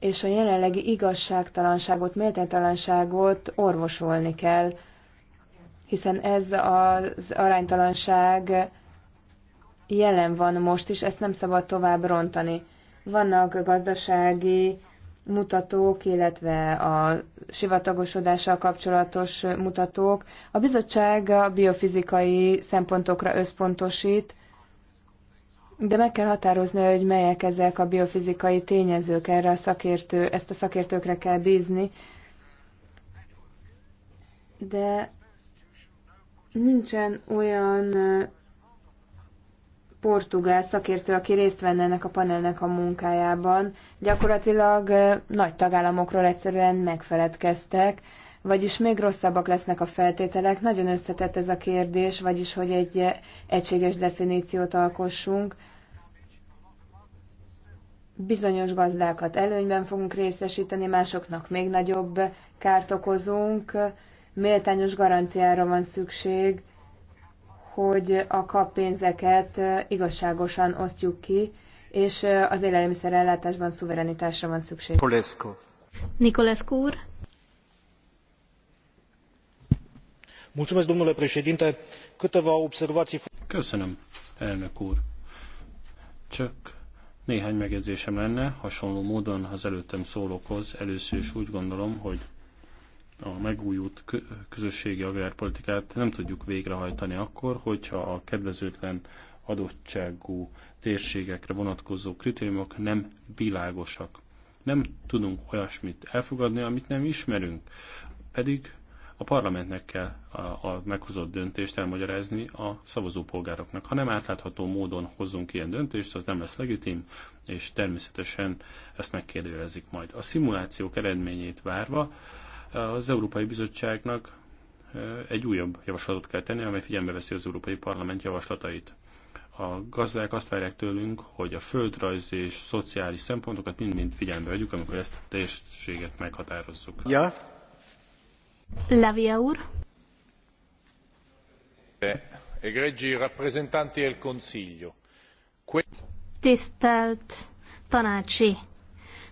és a jelenlegi igazságtalanságot, méltánytalanságot orvosolni kell, hiszen ez az aránytalanság jelen van most is, ezt nem szabad tovább rontani. Vannak gazdasági mutatók, illetve a sivatagosodással kapcsolatos mutatók. A bizottság a biofizikai szempontokra összpontosít, de meg kell határozni, hogy melyek ezek a biofizikai tényezők, erre a szakértő, ezt a szakértőkre kell bízni. De nincsen olyan portugál szakértő, aki részt venne ennek a panelnek a munkájában, gyakorlatilag nagy tagállamokról egyszerűen megfeledkeztek, vagyis még rosszabbak lesznek a feltételek. Nagyon összetett ez a kérdés, vagyis hogy egy egységes definíciót alkossunk. Bizonyos gazdákat előnyben fogunk részesíteni, másoknak még nagyobb kárt okozunk. Méltányos garanciára van szükség, hogy a pénzeket igazságosan osztjuk ki, és az élelmiszerellátásban szuverenitásra van szükség. Polesco. Nikolescu úr. Mulțumesc, domnule președinte. Câteva observații... Köszönöm, elnök úr. Csak néhány megjegyzésem lenne, hasonló módon az előttem szólókhoz. Először is úgy gondolom, hogy a megújult közösségi agrárpolitikát nem tudjuk végrehajtani akkor, hogyha a kedvezőtlen adottságú térségekre vonatkozó kritériumok nem világosak. Nem tudunk olyasmit elfogadni, amit nem ismerünk. Pedig a parlamentnek kell a, a meghozott döntést elmagyarázni a szavazópolgároknak. Ha nem átlátható módon hozunk ilyen döntést, az nem lesz legitim, és természetesen ezt megkérdőjelezik majd. A szimulációk eredményét várva az Európai Bizottságnak egy újabb javaslatot kell tenni, amely figyelme veszi az Európai Parlament javaslatait. A gazdák azt várják tőlünk, hogy a földrajz és szociális szempontokat mind-mind figyelembe vegyük, amikor ezt a térséget meghatározzuk. Ja. Lavia úr. E, egregi rappresentanti del Consiglio. Tisztelt tanácsi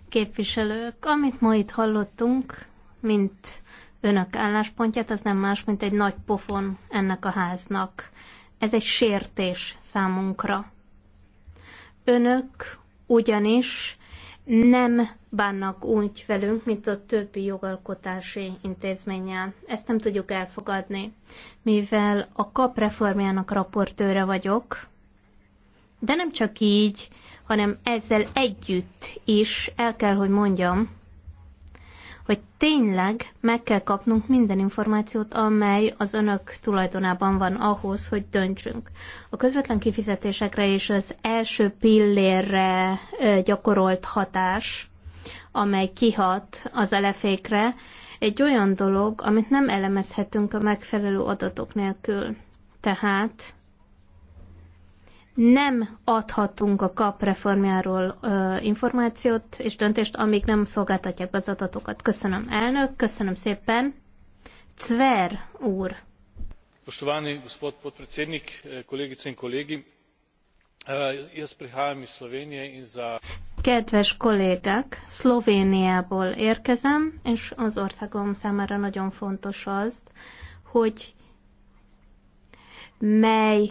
képviselők, amit ma itt hallottunk, mint önök álláspontját, az nem más, mint egy nagy pofon ennek a háznak. Ez egy sértés számunkra. Önök ugyanis nem bánnak úgy velünk, mint a többi jogalkotási intézménnyel. Ezt nem tudjuk elfogadni, mivel a KAP reformjának raportőre vagyok, de nem csak így, hanem ezzel együtt is el kell, hogy mondjam, hogy tényleg meg kell kapnunk minden információt, amely az önök tulajdonában van ahhoz, hogy döntsünk. A közvetlen kifizetésekre és az első pillérre gyakorolt hatás, amely kihat az elefékre, egy olyan dolog, amit nem elemezhetünk a megfelelő adatok nélkül. Tehát nem adhatunk a KAP reformjáról ö, információt és döntést, amíg nem szolgáltatják az adatokat. Köszönöm, elnök, köszönöm szépen. Cver úr. Poštovani gospod podpredsednik, eh, kolegice in kolegi, eh, jaz prihajam iz Slovenije in za... Kedves kollégák, Szlovéniából érkezem, és az országom számára nagyon fontos az, hogy mely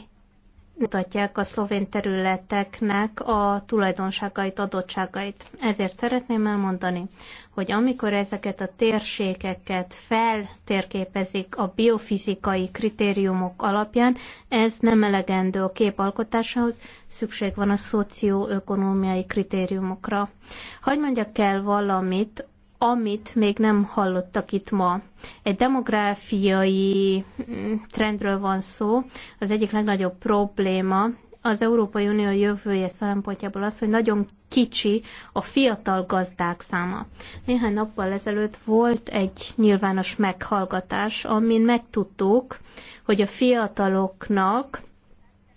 mutatják a szlovén területeknek a tulajdonságait, adottságait. Ezért szeretném elmondani, hogy amikor ezeket a térségeket feltérképezik a biofizikai kritériumok alapján, ez nem elegendő a képalkotásához, szükség van a szocioökonómiai kritériumokra. Hagy mondjak el valamit amit még nem hallottak itt ma. Egy demográfiai mm, trendről van szó. Az egyik legnagyobb probléma az Európai Unió jövője szempontjából az, hogy nagyon kicsi a fiatal gazdák száma. Néhány nappal ezelőtt volt egy nyilvános meghallgatás, amin megtudtuk, hogy a fiataloknak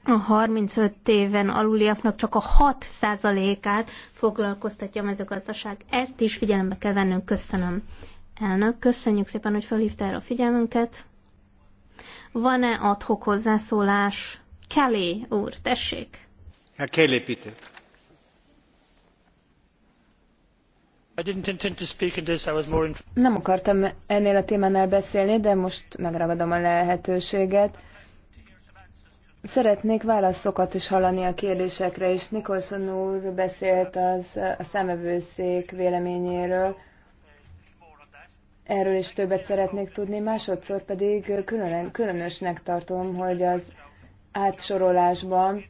a 35 éven aluliaknak csak a 6%-át foglalkoztatja a mezőgazdaság. Ezt is figyelembe kell vennünk. Köszönöm. Elnök, köszönjük szépen, hogy felhívta erre a figyelmünket. Van-e adhok hozzászólás? Kelly úr, tessék. Herr Kelly, bitte. Nem akartam ennél a témánál beszélni, de most megragadom a lehetőséget. Szeretnék válaszokat is hallani a kérdésekre, és Nikolson úr beszélt az, a számövőszék véleményéről. Erről is többet szeretnék tudni, másodszor pedig külön, különösnek tartom, hogy az átsorolásban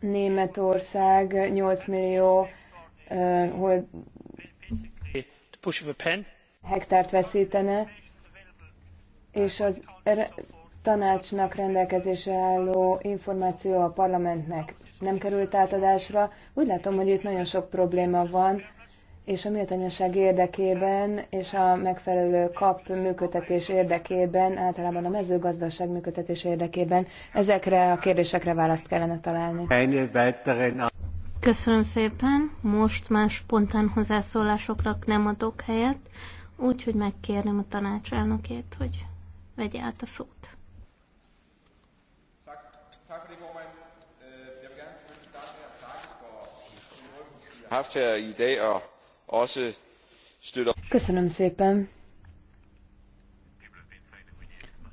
Németország 8 millió uh, hektárt veszítene, és az tanácsnak rendelkezésre álló információ a parlamentnek nem került átadásra. Úgy látom, hogy itt nagyon sok probléma van, és a méltányosság érdekében és a megfelelő kap működtetés érdekében, általában a mezőgazdaság működtetés érdekében ezekre a kérdésekre választ kellene találni. Köszönöm szépen. Most más spontán hozzászólásokra nem adok helyet, úgyhogy megkérném a tanács elnökét, hogy vegye át a szót. Øh, Köszönöm szépen.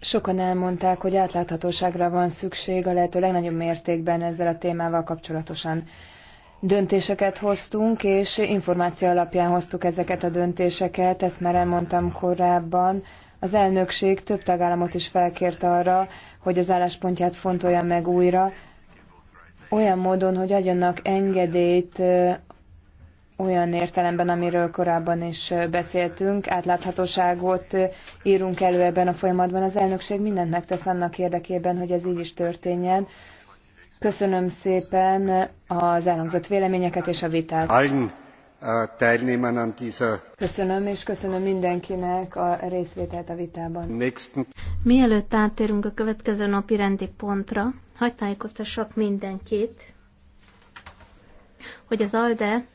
Sokan elmondták, hogy átláthatóságra van szükség a lehető legnagyobb mértékben ezzel a témával kapcsolatosan. Döntéseket hoztunk, és információ alapján hoztuk ezeket a döntéseket, ezt már elmondtam korábban. Az elnökség több tagállamot is felkért arra, hogy az álláspontját fontolja meg újra, olyan módon, hogy adjanak engedélyt olyan értelemben, amiről korábban is beszéltünk, átláthatóságot írunk elő ebben a folyamatban. Az elnökség mindent megtesz annak érdekében, hogy ez így is történjen. Köszönöm szépen az elhangzott véleményeket és a vitát teilnehmern an dieser Köszönöm, és köszönöm mindenkinek a részvételt a vitában. Nächsten. Mielőtt átérünk a következő napi rendi pontra, hagyd tájékoztassak mindenkit, hogy az ALDE